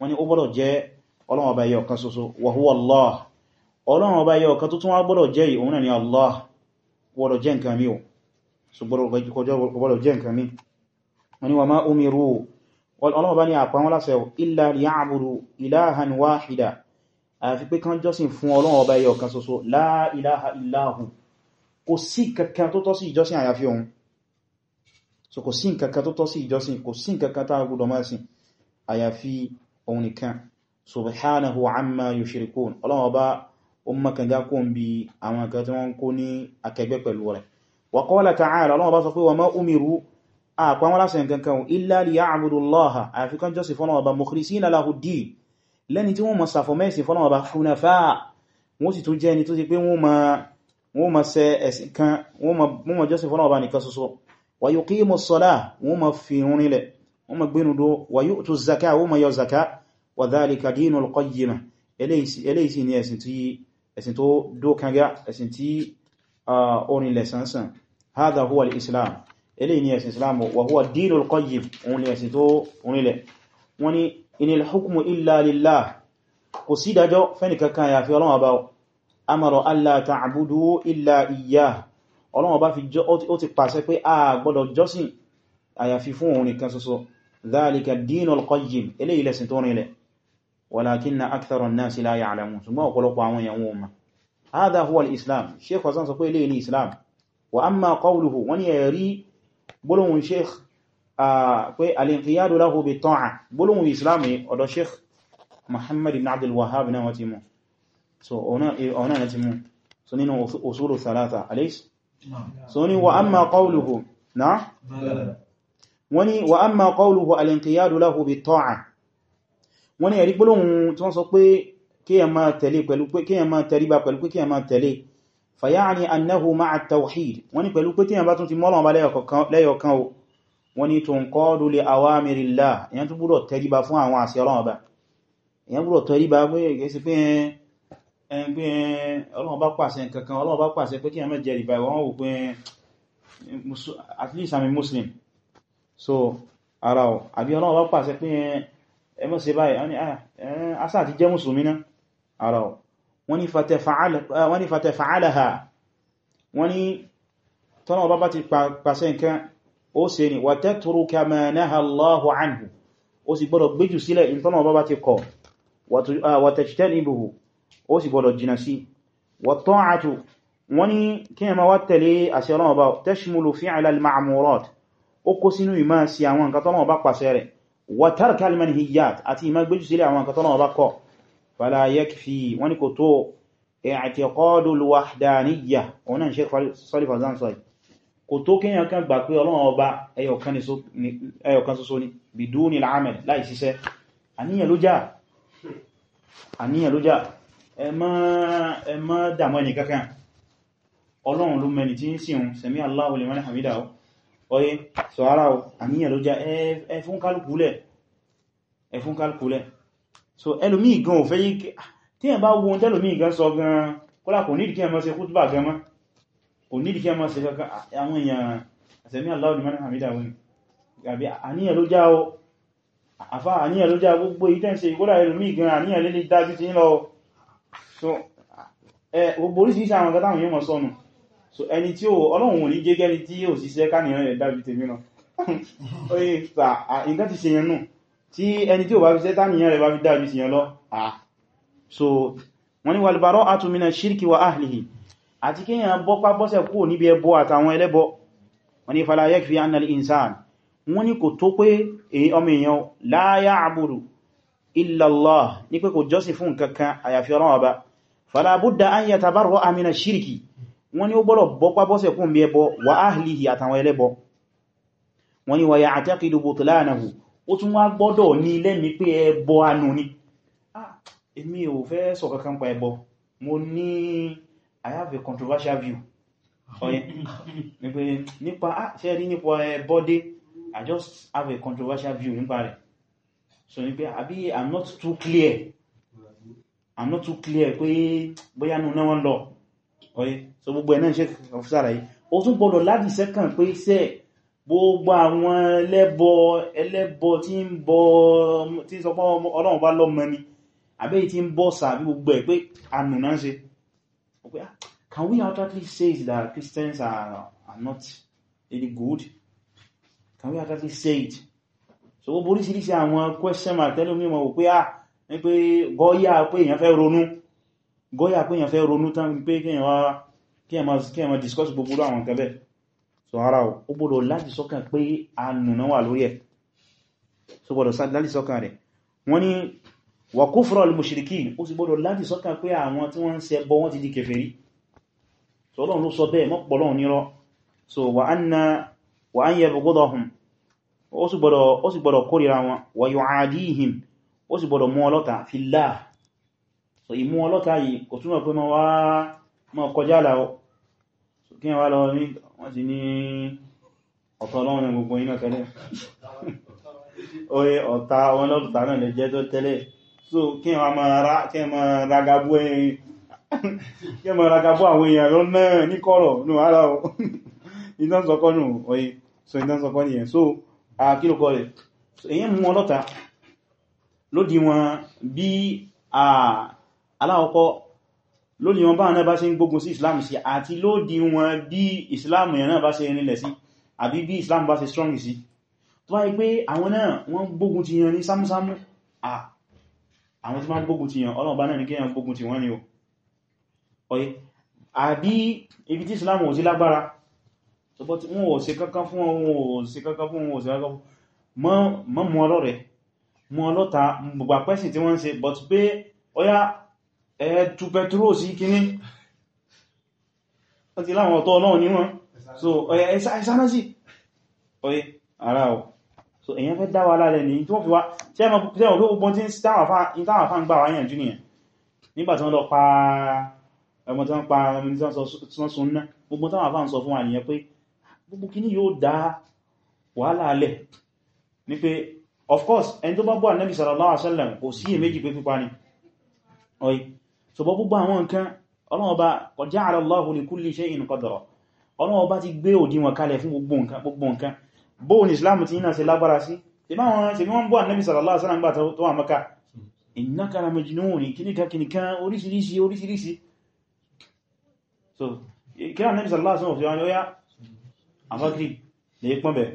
wọ́n ní ó gbọ́dọ̀ jẹ́ ọlọ́run ọba yẹ ọ̀kan ṣoṣo wa huwa Allah ọlọ́run ọba yẹ ọ̀kan tó tún wá gbọ́dọ̀ jẹ́ òun náà ni Allah gbọ́dọ̀ jẹ́ nǹkan mi ò gbọ́dọ̀ jẹ́ nǹkan mi wọ́n ní wa ma umiru ọlọ́run ọba ní àpá wọn láṣẹ illa so kò sí nǹkankan tó tọ́ sí ìjọsìn kò sí nǹkankan tá gbọ́dọ̀ máa sìn àyàfi òun nìkan subhanahu amma yushrikun ọlọ́run ọba o makanga kó ń bi àwọn nǹkan tí wọ́n kó ní akẹgbẹ́ pẹ̀lú rẹ̀ wa qala ta'ala ọlọ́run ọba sọ pé wa ma umiru àpá wọn lásẹ̀ nǹkankan illa liya'budu allaha àyàfi kan jọ́sìn fọ́nà ọba mukhlisina lahu ddin lẹ́ni tí wọ́n mọ̀ sàfọ́ mẹ́sìn fọ́nà ọba hunafa wọ́n sì tún jẹ́ ẹni tó ti pé wọ́n mọ̀ sẹ ẹ̀sìn kan wọ́n mọ̀ jọ́sìn fọ́nà ọba nìkan ṣoṣo wa yuqimu as-salah wọ́n ma fi rinlẹ̀ wọ́n ma gbénu dó wa yu'tu az-zakah wọ́n ma yọ zaka wa dhalika dinul qayyimah eléyìí ni ẹ̀sìn tó dókanga ẹ̀sìn tí orin lẹ̀ sánsan hadha huwa al-islam eléyìí ni ẹ̀sìn islam wa huwa dinul qayyim òun ni ẹ̀sìn tó rinlẹ̀ ọlọ́wọ́n bá fi jọ ó ti pàṣẹ pé a gbọ́dọ̀ jọ́sìn àyàfi fún òun nìkan ṣoṣo dhalika dinul qayyim ilé ilẹ̀sìn tó rìnlẹ̀ walakinna akthara an-nasi la ya'lamun ṣùgbọ́n ọ̀pọ̀lọpọ̀ àwọn èèyàn wọn ma hadha huwa al-islam sheikh hasan sọ pé ilé ni islam wa amma qawluhu wani ẹ̀rí gbólóhùn sheikh pé al-inqiyadu lahu bit-ta'a gbólóhùn náà wọ́n ti mú so ọ̀nà ti mú so nínú usulu thalatha alayhi so ni wa amma qawluhu na wani wa amma qawluhu al-inqiyadu lahu bi ta'a wani ẹ̀rí gbólóhùn tí wọ́n sọ pé kíyàn máa tẹ̀lé pẹ̀lú pé kíyàn máa tẹ̀lé bá pẹ̀lú pé kíyàn máa tẹ̀lé fàyáàní annahu ma'a at-tawhid wọ́n ní pẹ̀lú pé tíyàn bá tún ti mọ́lọ̀ bá lẹ́yọ̀kan o wọ́n ní tó ń kọ́ọ̀dù lè awamirillah èyàn tún gbọ́dọ̀ tẹríba fún àwọn àṣẹ Ọlọ́run ọba èyàn gbọ́dọ̀ tẹríba pé ẹgbẹ́ Ọlọ́run bá pàṣẹ nǹkankan Ọlọ́run bá pàṣẹ pé kí ẹmẹ́ jẹ ìbá ìwọ̀n wò pé at least I'm a Muslim so ara ọ̀ àbí Ọlọ́run bá pàṣẹ pé ẹmẹ́ ṣe báyìí ah, eh, asá àti jẹ́ Mùsùlùmí náà ara ọ̀ wọ́n ni fatafa'alaha wọ́n ni tọ́nà bá ti pàṣẹ nǹkan ó ṣe ni wa tatruka ma naha Allahu anhu ó sì ó sì gbọdọ̀ jìnà sí wat-ta'atu wọ́n ní kí ẹ ma wá tẹ̀lé àṣẹ Ọlọ́run Ọba tashmulu fi'la al-ma'murat ó kó sínú ìmá sí àwọn nǹkan tọ́lọ́run Ọba pàṣẹ rẹ̀ wa tarka al-manhiyat àti ìmá gbéjù sílẹ̀ àwọn nǹkan tọ́lọ́run Ọba kọ̀ fala yakfi wọ́n ní kò tó i'tiqadu ni bidūnil 'amal láì àníyàn ló já ẹmọ́ dàmọ́ ẹni kankan ọlọ́run ló mẹni tí ń sìn un sẹ̀mí Allahu liman hamidahu ọyẹ́ sọ ara o àníyàn ló já ẹfún kálùkúlẹ̀ ẹfún so ẹlòmí gan ò fẹ́ yí tí ẹ bá wo tẹ́lòmí gan sọ gan kọ́lá kò nídìí kí ẹ má mọ́ kò nídìí Allahu liman hamidahu gàbí àníyàn ló já o àfá àníyàn ló já gbogbo ìtẹ́ǹsẹ̀ ìkọ́lá ẹlòmí gan àníyàn lè dájú ti so gbogbo orísìírísìí àwọn ọ̀gá táwọn yóò mọ̀ sọ́nù so ẹni tí ó ọlọ́run ò ní jẹ́ ni tí ó síṣẹ́ káníyàn rẹ̀ dábí tèmi náà (laughs) oye sà nǹkan ti ṣe yẹn nù tí ẹni tí ó bá fi ṣẹ́ táníyàn rẹ̀ bá fi dábí tèyàn lọ ah so wọ́n ní wàlbàrọ́ àtúmínà ṣírkì wa ahlihi àti kíyàn bọ́ pápọ́sẹ̀ kúrò níbi ẹbọ àtàwọn ẹlẹ́bọ wọ́n ní fala yakfi annal insan wọ́n ní kò tó pé èyí ọmọ èèyàn la ya'budu illa Allah ní pé kò jọ́sìn fún kankan àyàfi Ọlọ́run Ọba falabudda an yatabarra'a min ash-shirki wọ́n ní gbọ́rọ̀ bọ́pá bọ́sẹ̀ kún bí ẹbọ wa ahlihi àtàwọn ẹlẹ́bọ wọ́n ní wa ya'taqidu butlanahu ó tún wá gbọ́dọ̀ ní lẹ́mí pé ẹbọ anú ni ah, èmi ò fẹ́ sọ kankan pa ẹbọ mo ní i have a controversial view nípa ah, ṣe i just have a controversial view nípa so ní i'm not too clear i'm not too clear pé bóyá nù náà wọ́n lọ ọ̀yẹ́ so gbogbo ẹ̀ náà ṣe ọ̀fíṣàrà yìí ó tún gbọ́dọ̀ láti sẹ́kàn pé iṣẹ́ gbogbo àwọn ẹlẹ́bọ ẹlẹ́bọ tí ń bọ tí ń sọpọ́ ọlọ́run bá lọ́mọ ni àbẹ́ tí ń bọ́ sàbí gbogbo ẹ̀ pé ànù náà ṣe ah, can we actually say that Christians are, are not any good can we actually say it so gbogbo oríṣiríṣi àwọn question mark tẹ́lómi mọ̀ wò pé ah pé gọ́yà pé èyàn fẹ́ ronú gọ́yà pé èyàn fẹ́ ronú tán pé kíyàn ma discuss gbogbo àwọn kẹbẹ̀ so ara ó gbọ́dọ̀ láti sọ́kàn pé ànùnà wà lórí ẹ̀ so gbọ́dọ̀ láti sọ́kàn rẹ̀ wọ́n ni wà kufra al-mushrikin ó sì gbọ́dọ̀ láti ó sì gbọ́dọ̀ mú ọlọ́ta fi láà so ìmú ọlọ́ta yìí kò túnmọ̀ pé wọ́n wá mọ́ kọjá àlàó so kí wọ́n lọ ní wọ́n ti ní ọ̀tọ̀ ọlọ́run gbogbo iná tẹ́lẹ̀ (laughs) oye ọ̀tá wọn lọ́tà náà lè jẹ́ tó tẹ́lẹ̀ so kí wọ́n máa ragabú àwọn èèyàn lọ (laughs) oye so ìdánsọkọ́ nìyẹn so àkílùkọ́ rẹ̀ lódí wọn bí a aláwọ̀kọ́ lódí wọn bá náà bá ṣe ń gbógun sí islam sí àti lódí wọn bí islam yẹn náà bá ṣe rinlẹ̀ sí àbí bí islam bá ṣe strong sí tó wáyé pé àwọn náà wọ́n gbógun ti yan ní sámúsámú àwọn tí wọ́n gbógun ti yan ọlọ́ọ̀bá náà ní kí yàn gbógun ti wọ́n ni o ọ̀yẹ àbí ibi tí islam ò sí lágbára wọn ò ṣe kankan fún wọn ò ṣe kankan fún wọn ò mú ọlọ́ta gbogbo àpẹ́sìn tí wọ́n ń ṣe but pé ọya ẹ̀ẹ́tù pẹtrol sí kíní wọ́n ti láwọn ọ̀tọ́ ọlọ́run ní wọn so ọya ẹ̀sánásì ọya ara ọ̀ so èyàn fẹ́ dáwà lálẹ́ ní tí wọ́n fi wá tí ẹmọ pé gbogbo tí táwà fà ń gbà wáyàn jù nìyàn nígbà tí wọ́n lọ pa ẹmọ tí wọ́n pa ẹmọ tí wọ́n sun ná gbogbo táwà fà ń sọ fún wa nìyàn pé gbogbo kíní of course ẹni tó bá bú ànábì sallallahu alaihi wasallam kò sí èméjì pé pípa ni ọ̀yí so bọ́ gbogbo àwọn nǹkan ọlọ́ọba ja'ala Allahu li kulli shay'in qadra ọlọ́ọba ti gbé òdiwọ̀n kalẹ̀ fún gbogbo nǹkan bó ní islam ti yínà sí lágbára sí ìbá wọn ṣe wọ́n bú ànábì sallallahu alaihi wasallam gbà tó wà maka innaka la majnun kíníkà kíníkà oríṣiríṣi oríṣiríṣi so kí ànábì sallallahu alaihi wasallam ọ̀fẹ́ wọn yóò yá àfákìrì lè pọ́n bẹ̀rẹ̀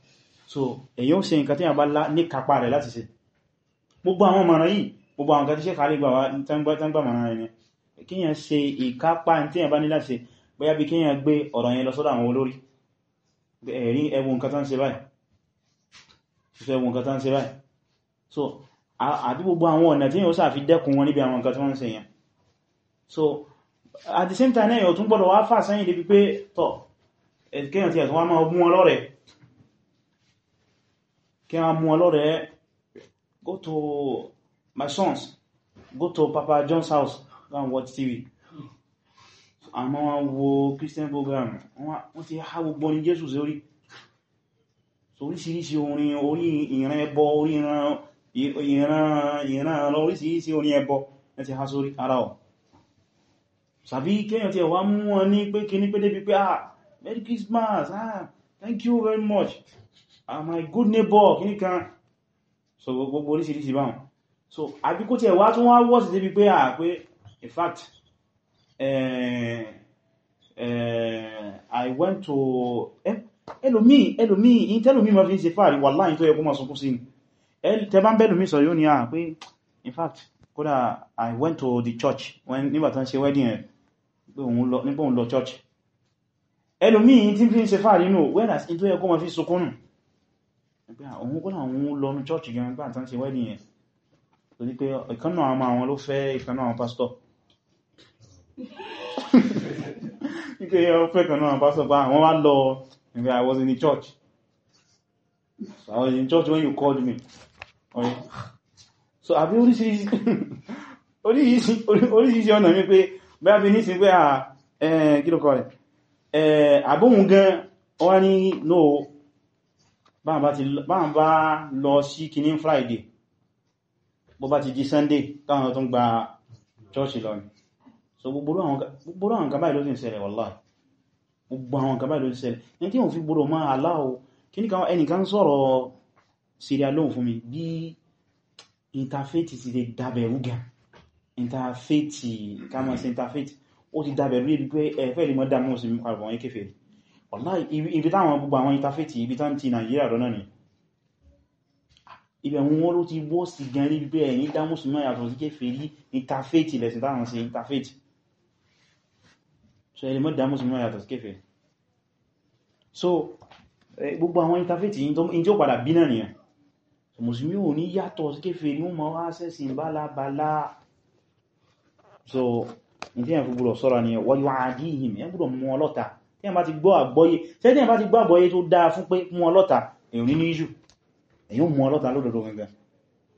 so èyí ó ṣe nǹkan tí a bá ní kápá rẹ̀ láti ṣe gbogbo àwọn ọmọ yìí gbogbo àwọn kàtíṣẹ́ kàrí gbà wá tángbà mọ̀ràn rẹ̀ ni kíyàn ṣe ìkápá tí a bá ní láti ṣe bóyá bí kíyàn gbé ọ̀rọ̀ yẹn lọ sọ́dọ̀ àwọn olórí ẹ̀rí ẹwù nǹkan tán ṣe báyìí so àti gbogbo àwọn ọ̀nà tí yóò sáà fi dẹ́kun wọn níbi àwọn nǹkan tí wọ́n ń ṣe yẹn so at the same time náà yóò tún gbọ́dọ̀ wá fà sẹ́yìn débi pé tọ̀ kíyàn ti ẹ̀tún wá máa ọgbún wọn kí a mú ọlọ́rẹ̀ go to my sons go to Papa John's house and watch TV àmọ́ wọn wo Christian program wọ́n ti há gbogbo ní Jésù sí orí oríṣiríṣi orin orí ìran ẹbọ orí ìran lọ oríṣiríṣi orin ẹbọ ẹ ti há sórí ara ọ̀ sàbí kéyàn ti ẹ̀wà mú wọn ní pé kí ní pé débi pé ah Merry Christmas ah thank you very much am ah, my good neighbor kìí kan so gbogbo oríṣìíríṣìí báwọn so àbí kó tí ẹ̀wà tún wá wọ́sì débi pé à ah, pé in fact eh, eh, I went to eh, ẹlòmí ẹlòmí ìtẹ́lòmí ma fi ń ṣe fàárí wallahi tó yẹ kó ma sọkún sí ni tẹ bá ń bẹ́lòmí So yóò ní à ah, pé in fact kódà I went to the church when nígbàtán ṣe wedding ẹ̀ nígbà òun lọ church ẹlòmí tí fi ń ṣe fàárí nù whereas in tó yẹ kó ma fi sọkún nù òun kó làwọn lọ́nu chọ́ọ̀chì gan nígbà tán ṣe wẹ́dìn yẹn torí pé ìkan náà ọmọ àwọn ló fẹ́ ìkan náà pásítọ̀ nígbà ó fẹ́ ìkan náà pásítọ̀ pa àwọn wá lọ nígbà I was in the church so I was in church when you called me okay. so àbí oríṣiríṣi ọ̀nà mi pé bẹ́ẹ̀ bí nísìn pé à kí ló kọ́ rẹ̀ àbóhun gan wọ́n ní no bá ń bá lọ sí kìíní friday bó bá ti di sunday táwọn tó ń gba church lọ ní so gbogbo àwọn gaba ìlú ti ń ṣẹlẹ̀ wallahi gbogbo àwọn gaba ìlú ti ṣẹlẹ̀ ní tí wọ́n fi gbogbo ma aláwọ̀ kí ní kan ẹnìkan sọ̀rọ̀ syria lóhun fún mi bí interfaith ti lè dàbẹ̀rú ga interfaith ká mọ̀ sí interfaith ó ti dàbẹ̀rú ibi pé ẹ̀fẹ́ lè mọ́ dámọ́ sí mi pàrọ̀ wọn kéfèé wallahi ibi táwọn gbogbo àwọn ìtafẹ́tì ibi tán ti Nàìjíríà lọ́nà ni ibẹ̀ wọn ló ti wọ́ sí gan ní bí ẹ̀yìn dá mùsùlùmí yàtọ̀ sí kéfèrí ìtafẹ́tì lẹ̀sìn táwọn sí ìtafẹ́tì so ẹlẹ́mọ́ dá mùsùlùmí yàtọ̀ sí so gbogbo àwọn ìtafẹ́tì yìí tó padà bí náà nìyàn mùsùlùmí ò ní yàtọ̀ sí kéfèrí wọ́n so ní tí yàn fi gbọ́dọ̀ sọ́ra ni wọ́n yóò tí a bá ti gbọ́ àgbọ́yé tí a bá ti gbọ́ àgbọ́yé tó dáa fún pé mú ọlọ́ta èyí ní ìṣù èyí mú ọlọ́ta lódòdó gangan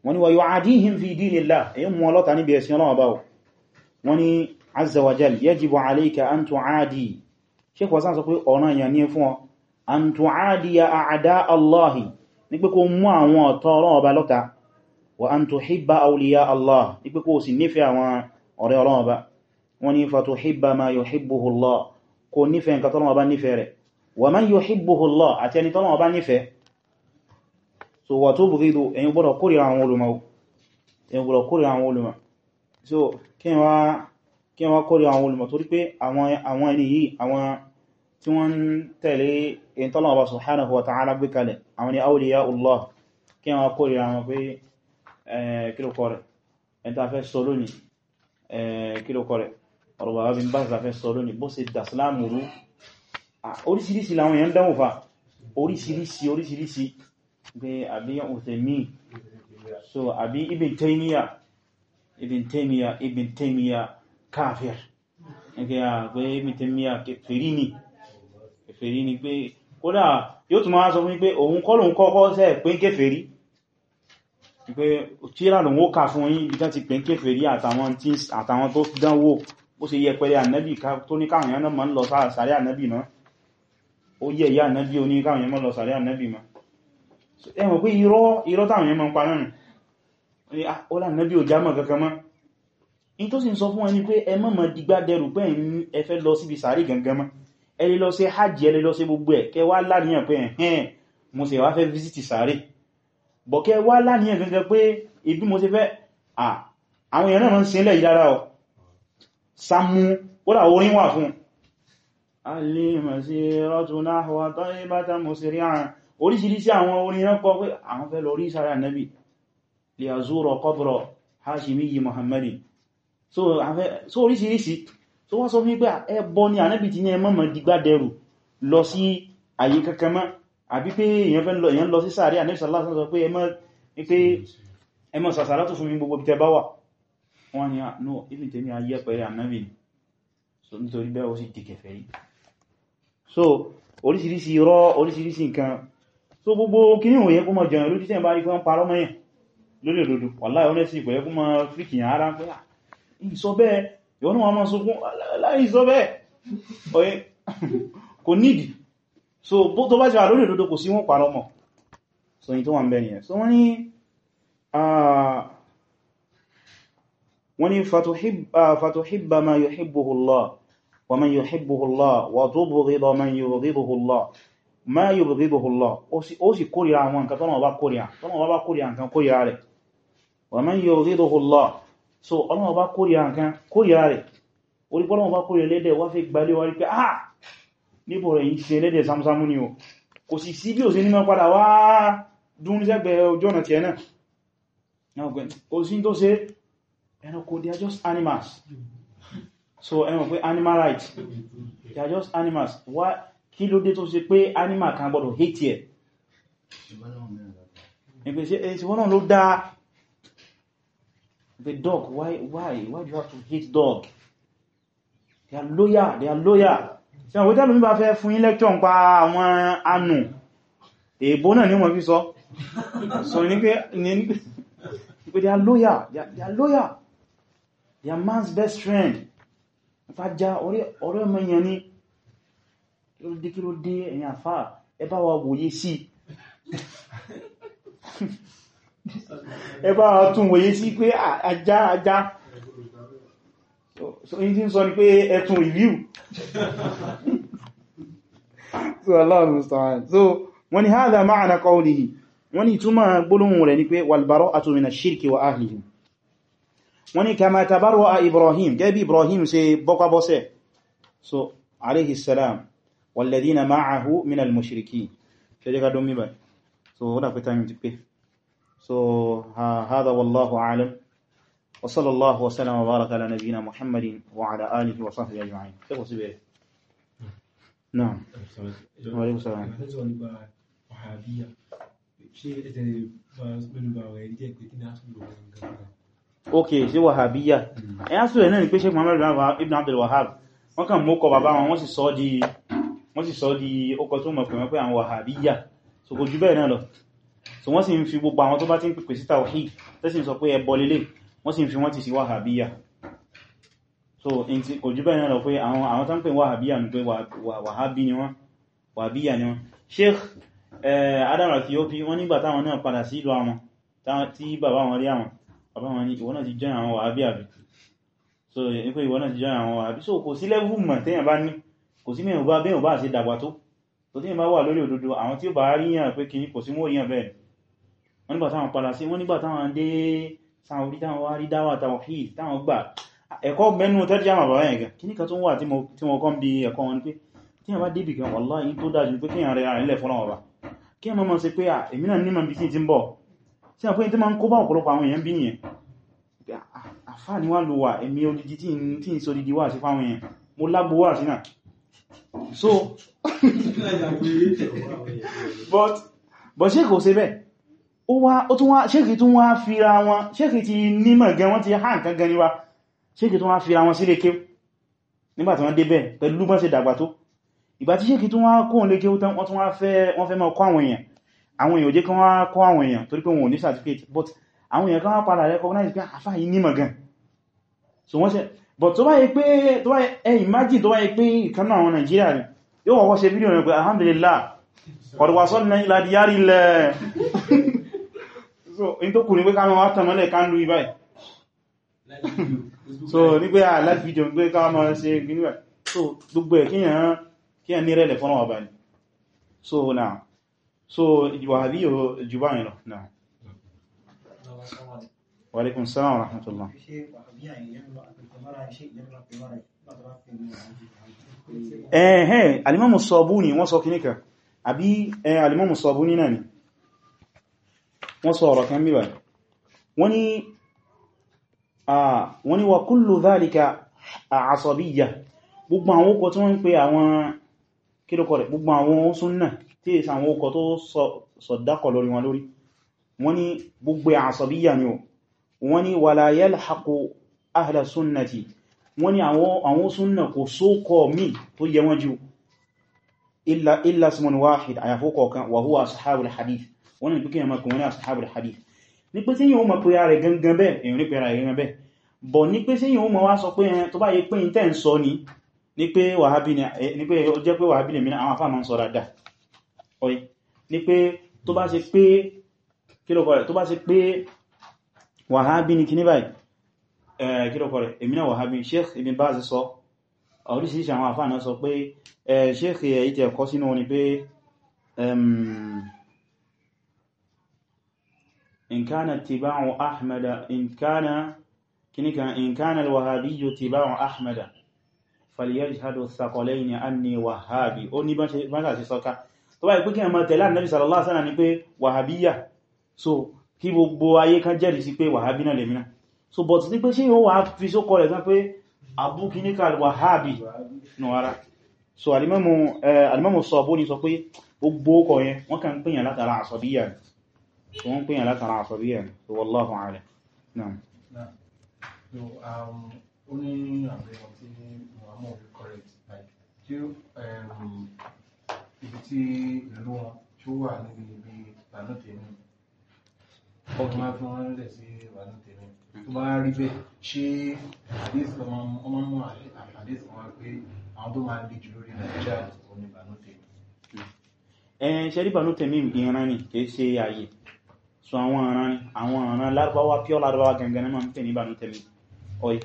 wọ́n ni wa yu'adihim fi dinillah èyí mú ọlọ́ta níbi ẹ̀sìn Ọlọ́run báwọ̀ wọ́n ni azza wa jal yajibu alayka an tu'adi ṣe kọ̀ sáà sọ pé ọ̀nà èèyàn ní fún kò nífẹ̀ẹ́ nǹkan tọ́lọ́wọ́ bá nífẹ̀ẹ́ rẹ̀ wa man yuhibbuhu Allah àti ẹni tọ́lọ́wọ́ bá nífẹ̀ẹ́ so wà tó bùkítù ẹ̀yin gbọ́dọ̀ kórìíra àwọn olùmọ̀ ẹ̀yin gbọ́dọ̀ kórìíra àwọn olùmọ̀ so kí wọ́n kórìíra àwọn olùmọ̀ torí pé àwọn ẹni yìí àwọn tí wọ́n tẹ̀lé ẹ̀yin tọ́lọ́wọ́ bá subhanahu wa ta'ala gbé kalẹ̀ àwọn ni awliya Allah kí wọ́n eh, rẹ̀ ẹ̀ta fẹ́ sọ lónìí eh, kílòkọ rẹ̀ ọ̀rọ̀ bàbá bí n bá ṣàfẹ́ sọ lónìí bó ṣe dàsílámù rú oríṣiríṣi làwọn èèyàn dánwò fa oríṣiríṣi oríṣiríṣi pé àbí òtẹ̀mí so àbí ibn taymiya ibn taymiya ibn taymiya káfíà ẹgbẹ́ àgbé ibn taymiya kèfèrí ni kèfèrí ni pé kódà yóò tún máa sọ fún pé òun kọ́ lòun kọ́kọ́ sẹ́ pé kèfèrí pé tíra lòun ó kà fún yín ibi bó ṣe yẹpẹrẹ ànábì tó ní káwọn èèyàn máa ń lọ sàárẹ́ ànábì mọ́ ó yẹ ìyá ànábì ó ní káwọn èèyàn máa lọ sàárẹ́ ànábì mọ́ ẹ mọ̀ pé irọ́ táwọn èèyàn máa ń pa náà ah, ó lá ànábì ò jámọ̀ kankan mọ́ in tó sì ń sọ fún ẹni pé ẹ má máa digbá dẹrù pé visit sàárẹ́ bọ̀ kẹ wá láníyàn gangan pé ibi mo ti fẹ́ ah, àwọn èèyàn náà ń sinlẹ̀ yìí dára ọ̀ sámú kódà orin wà fún alìmọ̀sí rọ́tún náà wà tọ́ ibátà mọ̀sírí àrùn oríṣiríṣi àwọn orin ránkọ pé àwọn fẹ́ lọ rí sára nabi lè azúrọ̀ kọ́bọ̀rọ̀ hashimiyi muhammadi so oríṣiríṣi tó wá sọ fún pé ẹbọ ni ànábì ti ní ẹmọ́ mọ̀ dìgbàdẹrù lọ sí àyè kankanmọ́ àbí pé èèyàn lọ sí sáàrí ànábì sallallahu alaihi wasallam sọ pé ẹmọ́ sàsàrà tó wọ́n ah, ni no Ibn Taymiyyah ayé pẹ̀lẹ̀ ànábì so nítorí bẹ́ẹ̀ ó sì di kèfèrí so oríṣiríṣi irọ́ oríṣiríṣi nǹkan so gbogbo kíní òye kó mọ̀ jẹun lójú tẹ́yìn bá rí fún parọ́ mọ́yàn lórí òdòdó wallahi honestly kò yẹ kó mọ̀ fíkì yàn láì sọ bẹ́ẹ̀ oye kò so tó bá ti wà lórí òdòdó kò sí wọn parọ́ mọ́ wọ́n ni ah, fatuhibba ma yuhibbuhu Allah wa man yuhibbuhu Allah wa tubghida man yubghiduhu Allah ma yubghiduhu Allah ó sì kórìíra àwọn nǹkan tọ́nà ọba kórìíra tọ́nà ọba kórìíra nǹkan kórìíra rẹ̀ wa man yubghiduhu Allah so ọlọ́nà ọba kórìíra nǹkan kórìíra rẹ̀ ẹranko they are just animals so ẹmọ̀ pé animal rights. they are just animals wá kí ló dé tó ṣe pé animal kan gbọ́dọ̀ hate ẹ̀ ìpèsè wọ́n náà ló dá the dog why why why do you have to hate dog they are loyal they are loyal ṣe àwọn ìtẹ́lùmí bá fẹ́ fún yín lecture ń pa àwọn anù èèbó náà ní wọ́n fi sọ so ní pé they are loyal they are loyal they man's best friend ìfàjá ọ̀rẹ́ ọmọ èèyàn ní kílódé kílódé ẹ̀yìn àfá ẹ bá wa wòye sí (laughs) ẹ bá wa tún wòye sí pé ajá ajá so in tí ń sọ ni pé ẹtùn review (laughs) so Allah musta'an so wọ́n ni hadha ma'ana qawlihi wọ́n ni ìtumọ̀ gbólóhùn rẹ̀ ni pé wal bara'atu mina shirki wa ahlihi wọ́n ní kama tabarwa ibrahim gẹ́bí ibrahim ṣe bọ́kwá bọ́sẹ̀ so alayhi salam na ma'ahu min al-mushrikin ṣe jẹ́ ka don ba so wọ́n dákwẹ́ time jípé so ha hadha wallahu alam wa sallallahu wa sallam wa baraka ala nabiyyina muhammadin wa ala alihi wa sahbihi ajma'in ṣe kò sí bẹ̀rẹ̀ na'am wa alaykum salam ṣe ẹ̀tẹ̀ bá mẹ́nu bá wẹ̀ díẹ̀ pé kí ní á tún lò wọ́n gan-an Okay, sí wàhábíyà ẹ̀yà sọ ẹ̀nà ní pé Sheikh Muhammad ibn Abdul Wahhab wọ́n kàn mọ́kọ̀ bàbá wọn wọ́n sì sọ di ọkọ̀ tó mọ̀ pẹ̀mọ́ pé àwọn wàhábíyà so kò jù bẹ́ẹ̀ náà lọ so wọ́n sì ń fi gbogbo àwọn tó bá ti ń pèpè sí tawhid tẹ́sì sọ pé ẹbọ lélẹ̀ wọ́n sì ń fi wọ́n ti sí wàhábíyà so kò jù bẹ́ẹ̀ náà lọ pé àwọn tó ń pè wàhábíyà ní pé wàhábí ni wọ́n wàhábíyà ni wọ́n Sheikh eh, Adam Al-Thiopi wọ́n nígbà táwọn náà padà sí ìlú àwọn tí bàbá wọn rí àwọn àbáwọn ni ìwọ́n náà ti jẹ́ àwọn so ní pé ìwọ́n náà ti so kò sí level mọ̀ téèyàn bá ní kò sí mẹ́rin bá bẹ́ẹ̀ bá ṣe dàgbà tó tó téèyàn bá wà lórí òdodo àwọn tí ó bá rí yàn pé kìí kò sí mọ́ yàn bẹ́ẹ̀ wọ́n nígbà táwọn padà sí wọ́n nígbà táwọn dé sáwọn orí táwọn wá rí dáwà táwọn fi táwọn gbà ẹ̀kọ́ mẹ́nu tẹ́jú àmà bàbá yẹn gan kíní kan wà tí mo kọ́ ń ẹ̀kọ́ wọn ni pé tí sí àpé tí ma ń kó bá ọ̀pọ̀lọpọ̀ àwọn èèyàn bí yẹn ah, ah, àfáà ni wá lò wà ẹ̀mí odidi tí ń sọ didi wà sí fáwọn èèyàn mo lágbó wà sí náà so but but ṣe kò ṣe bẹ́ẹ̀ ó wá ó tún wá ṣéèkì tún wá fira wọn ṣéèkì ti nímọ̀ gan wọ́n ti há nǹkan gan níwá ṣéèkì tún wá fira wọn sílé kéw nígbàtí wọ́n débẹ̀ pẹ̀lú bọ́n ṣe dàgbà tó ìgbà tí ṣéèkì tún wá kóhùn lé kéw tán wọ́n tún wá fẹ́ máa kọ́ àwọn èèyàn àwọn èèyàn jẹ́ kan wá kọ́ àwọn èèyàn torí wọn ò ní certificate but àwọn èèyàn kan wá padà recognize pé àfá yìí nímọ̀ gan so wọ́n ṣe but tó bá yẹ pé tó bá ẹ imagine tó bá yẹ pé ìkan náà àwọn Nàìjíríà ni yóò wọ́wọ́ ṣe fídíò rẹ̀ alhamdulillah so in tó kù ah, ní pé ká mọ́ so ní pé à láti fídíò pé so gbogbo ẹ̀ kíyàn ní rẹ̀lẹ̀ fọ́nà so now so wàhábí yóò jù báyìí lọ náà wa alaikum salaam wa rahmatullah ẹ̀hẹ́ alimamu Sabuni wọ́n sọ kìníkà àbí e, alimamu Sabuni náà ni wọ́n sọ ọ̀rọ̀ kan bí báyìí wọ́n ni wa kullu dhalika asabiyya gbogbo àwọn okọ̀ tí wọ́n ń tí è sàwọn okọ̀ tó sọ̀dákọ̀ lórí wọn lórí wọ́n ní gbogbo àṣàbíyà ni o wọ́n ní wala yalhaqu ahla sunnati wọ́n ní àwọn súnnà kò sókọ̀ mí tó yẹ wọ́n jù illa illa ismun wahid àyàfókọ̀ kan wa huwa ashabul hadith wọ́n ní pínkẹ́ ẹmọ kùnrin ashabul hadith ní pé tí yíò mọ̀ pé ara gangan bẹ́ èyàn ní pé ara gangan bẹ́ bọ̀ ní pé ni ní pé wàhábí ni ma ń sọ dáadáa ọ̀yí ní pé tó bá ṣe pé kílọ̀kọ̀ rẹ̀ tó bá ṣe pé wàhábí ní kíní báyìí kílọ̀kọ̀ rẹ̀ èmi náà wàhábí sheikh ibn baz sọ oríṣìíṣẹ́ àwọn àfáà náà sọ pé sheikh èyí tẹ̀ kọ́ sínú wọn ni pé in kana tiba'u ahmada in kana kíníkan in kana alwahabiyyu tiba'u ahmada falyajhadu tó bá yí pé kí ẹmọ tẹ̀lá nẹ́bí sallallahu alaihi wasallam pé wàhábíyà so kí gbogbo ayé kan jẹ́rìí sí pé wàhábí náà lèmínà so but ní pé ṣe yíò wà fi só kọ rẹ̀ tán pé abúkí wàhábí so alimamu eh, sọ̀bọ́ ni sọ pé gbogbo ọkọ̀ yẹn wọ́n kàn wọ́n ibi tí ìlú wọn tí ó wà níbi ibi ìbànú tèmi ọkùnrin máa fi wọn lẹ̀ sí ìbànú tèmi tó bá rí bẹ́ẹ̀ ṣé àdéhùn kan máa mú àdéhùn kan wá pé àwọn tó máa le jù lórí nàìjíríà òun ni ìbànú tèmi. ṣe rí ìbànú tèmi ìran ni kì í ṣe ààyè so àwọn ọ̀ràn ni àwọn ọ̀ràn lárúbáwá pure lárúbáwá gangan náà máa ń pè ní ìbànú tèmi ọ̀yẹ́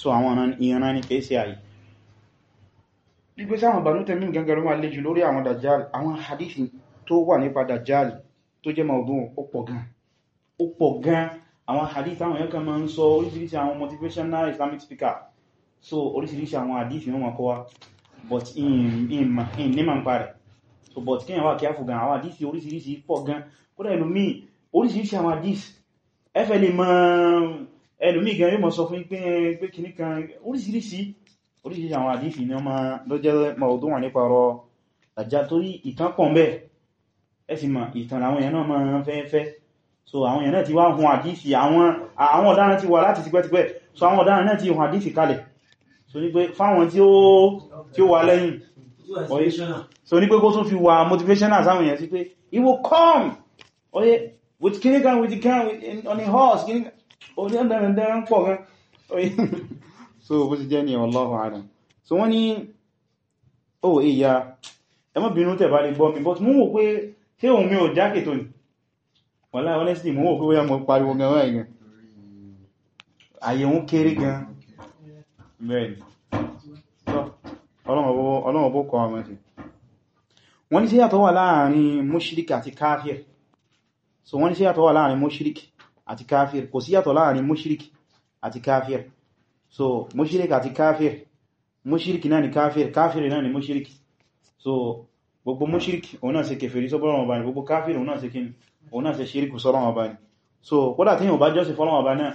so àwọn ọ̀ràn ìran ni kì í ṣe ààyè ìgbésẹ̀ àwọn Banu Tamim gangan ló máa lè jù lórí àwọn Dajjal àwọn hadithi tó wà nípa Dajjal tó jẹ́ mọ̀ọ̀dún ó pọ̀ gan ó pọ̀ gan àwọn hadith àwọn yẹn kan máa ń sọ oríṣiríṣi àwọn motivational Islamic speaker so oríṣiríṣi àwọn hadith ní wọn kọ́ wa but in ní ma ń parẹ̀ so but kí wà kí á fò gan àwọn hadith oríṣiríṣi pọ̀ gan kódà ẹlòmí oríṣiríṣi àwọn hadith ẹfẹ́ lè mọ ẹlòmí gan yóò mọ̀ sọ fún pé kìnnìkan oríṣiríṣi oríṣìí àwọn àdífì ní ọmọ lọ́jẹ́ mọ̀ọ̀dún wà nípa ọ̀rọ̀ àjá torí ìtàn pọ̀ ń bẹ ẹ sì mọ̀ ìtàn àwọn èèyàn náà máa fẹ́ẹ́fẹ́ so àwọn èèyàn náà ti wá hun àdífì àwọn ọ̀daràn ti wà láti tipẹ́tipẹ́ so àwọn ọ̀daràn náà ti hun àdífì kalẹ̀ so ní pé fáwọn tí ó wà lẹ́yìn oye so ní pé kó tún fi wà motivational sáwọn èèyàn sí pé he will come oye with kinigan with the on horse kinigan oye ọ̀daràn pọ̀ gan oye so bó ti jẹ́ ní wallahu alam so wọ́n ní ó oh, ìyá ẹmọ́ bínú tẹ̀ bá lè gbọ́ mi but mú wò pé tí òun mi ò jákè tó ní wọ́lá honestly mú wò pé wọ́n mọ̀ pariwo gan wọ́n ẹ̀gàn àyè ń kéré gan bẹ́ẹ̀ni ọlọ́wọ́ bó kọ́ ọmọ sí àti káfíẹ̀ kò sí láàrin mushrik àti káfíẹ̀ so mushrik àti káfíìr mushrik náà ni káfíìr káfíìr náà mushrik so gbogbo mushrik òun náà ṣe kèfèrí sọ́bọ̀rọ̀ ọba ni gbogbo káfíìr òun náà ṣe kíni òun náà sọ́rọ̀ ọba ni so kódà tí yíò bá jọ́sí fọ́lọ́ ọba náà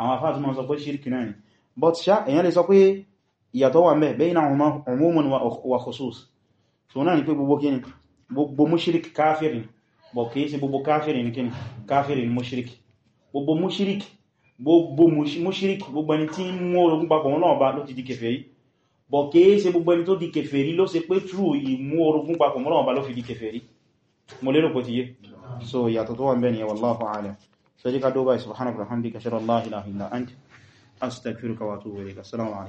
àwọn afá tí wọ́n sọ pé ṣíríkù náà ni but ṣá èyàn lè sọ pé ìyàtọ̀ wà mẹ́ bẹ́yìn àwọn umumun so náà ni pé gbogbo kíni gbogbo mushrik káfíìr ni bọ̀ kìí ṣe gbogbo mọ́ṣíríkì gbogbo ẹni tí ń mú orogún papọ̀ wọn náà bá ló ti di kèfèrí bọ̀ kìí ṣe gbogbo ẹni tó di kèfèrí ló ṣe pé trú ìmú orogún papọ̀ wọn náà bá ló fi di kèfèrí mo lérò pọ̀ ti yé so ìyàtọ̀ tó wà bẹ́ẹ̀ ni wallahu a'lam so jẹ́ ká dó báyìí subhanaka wa hamdika ashhadu an la ilaha illa anta astaghfiruka wa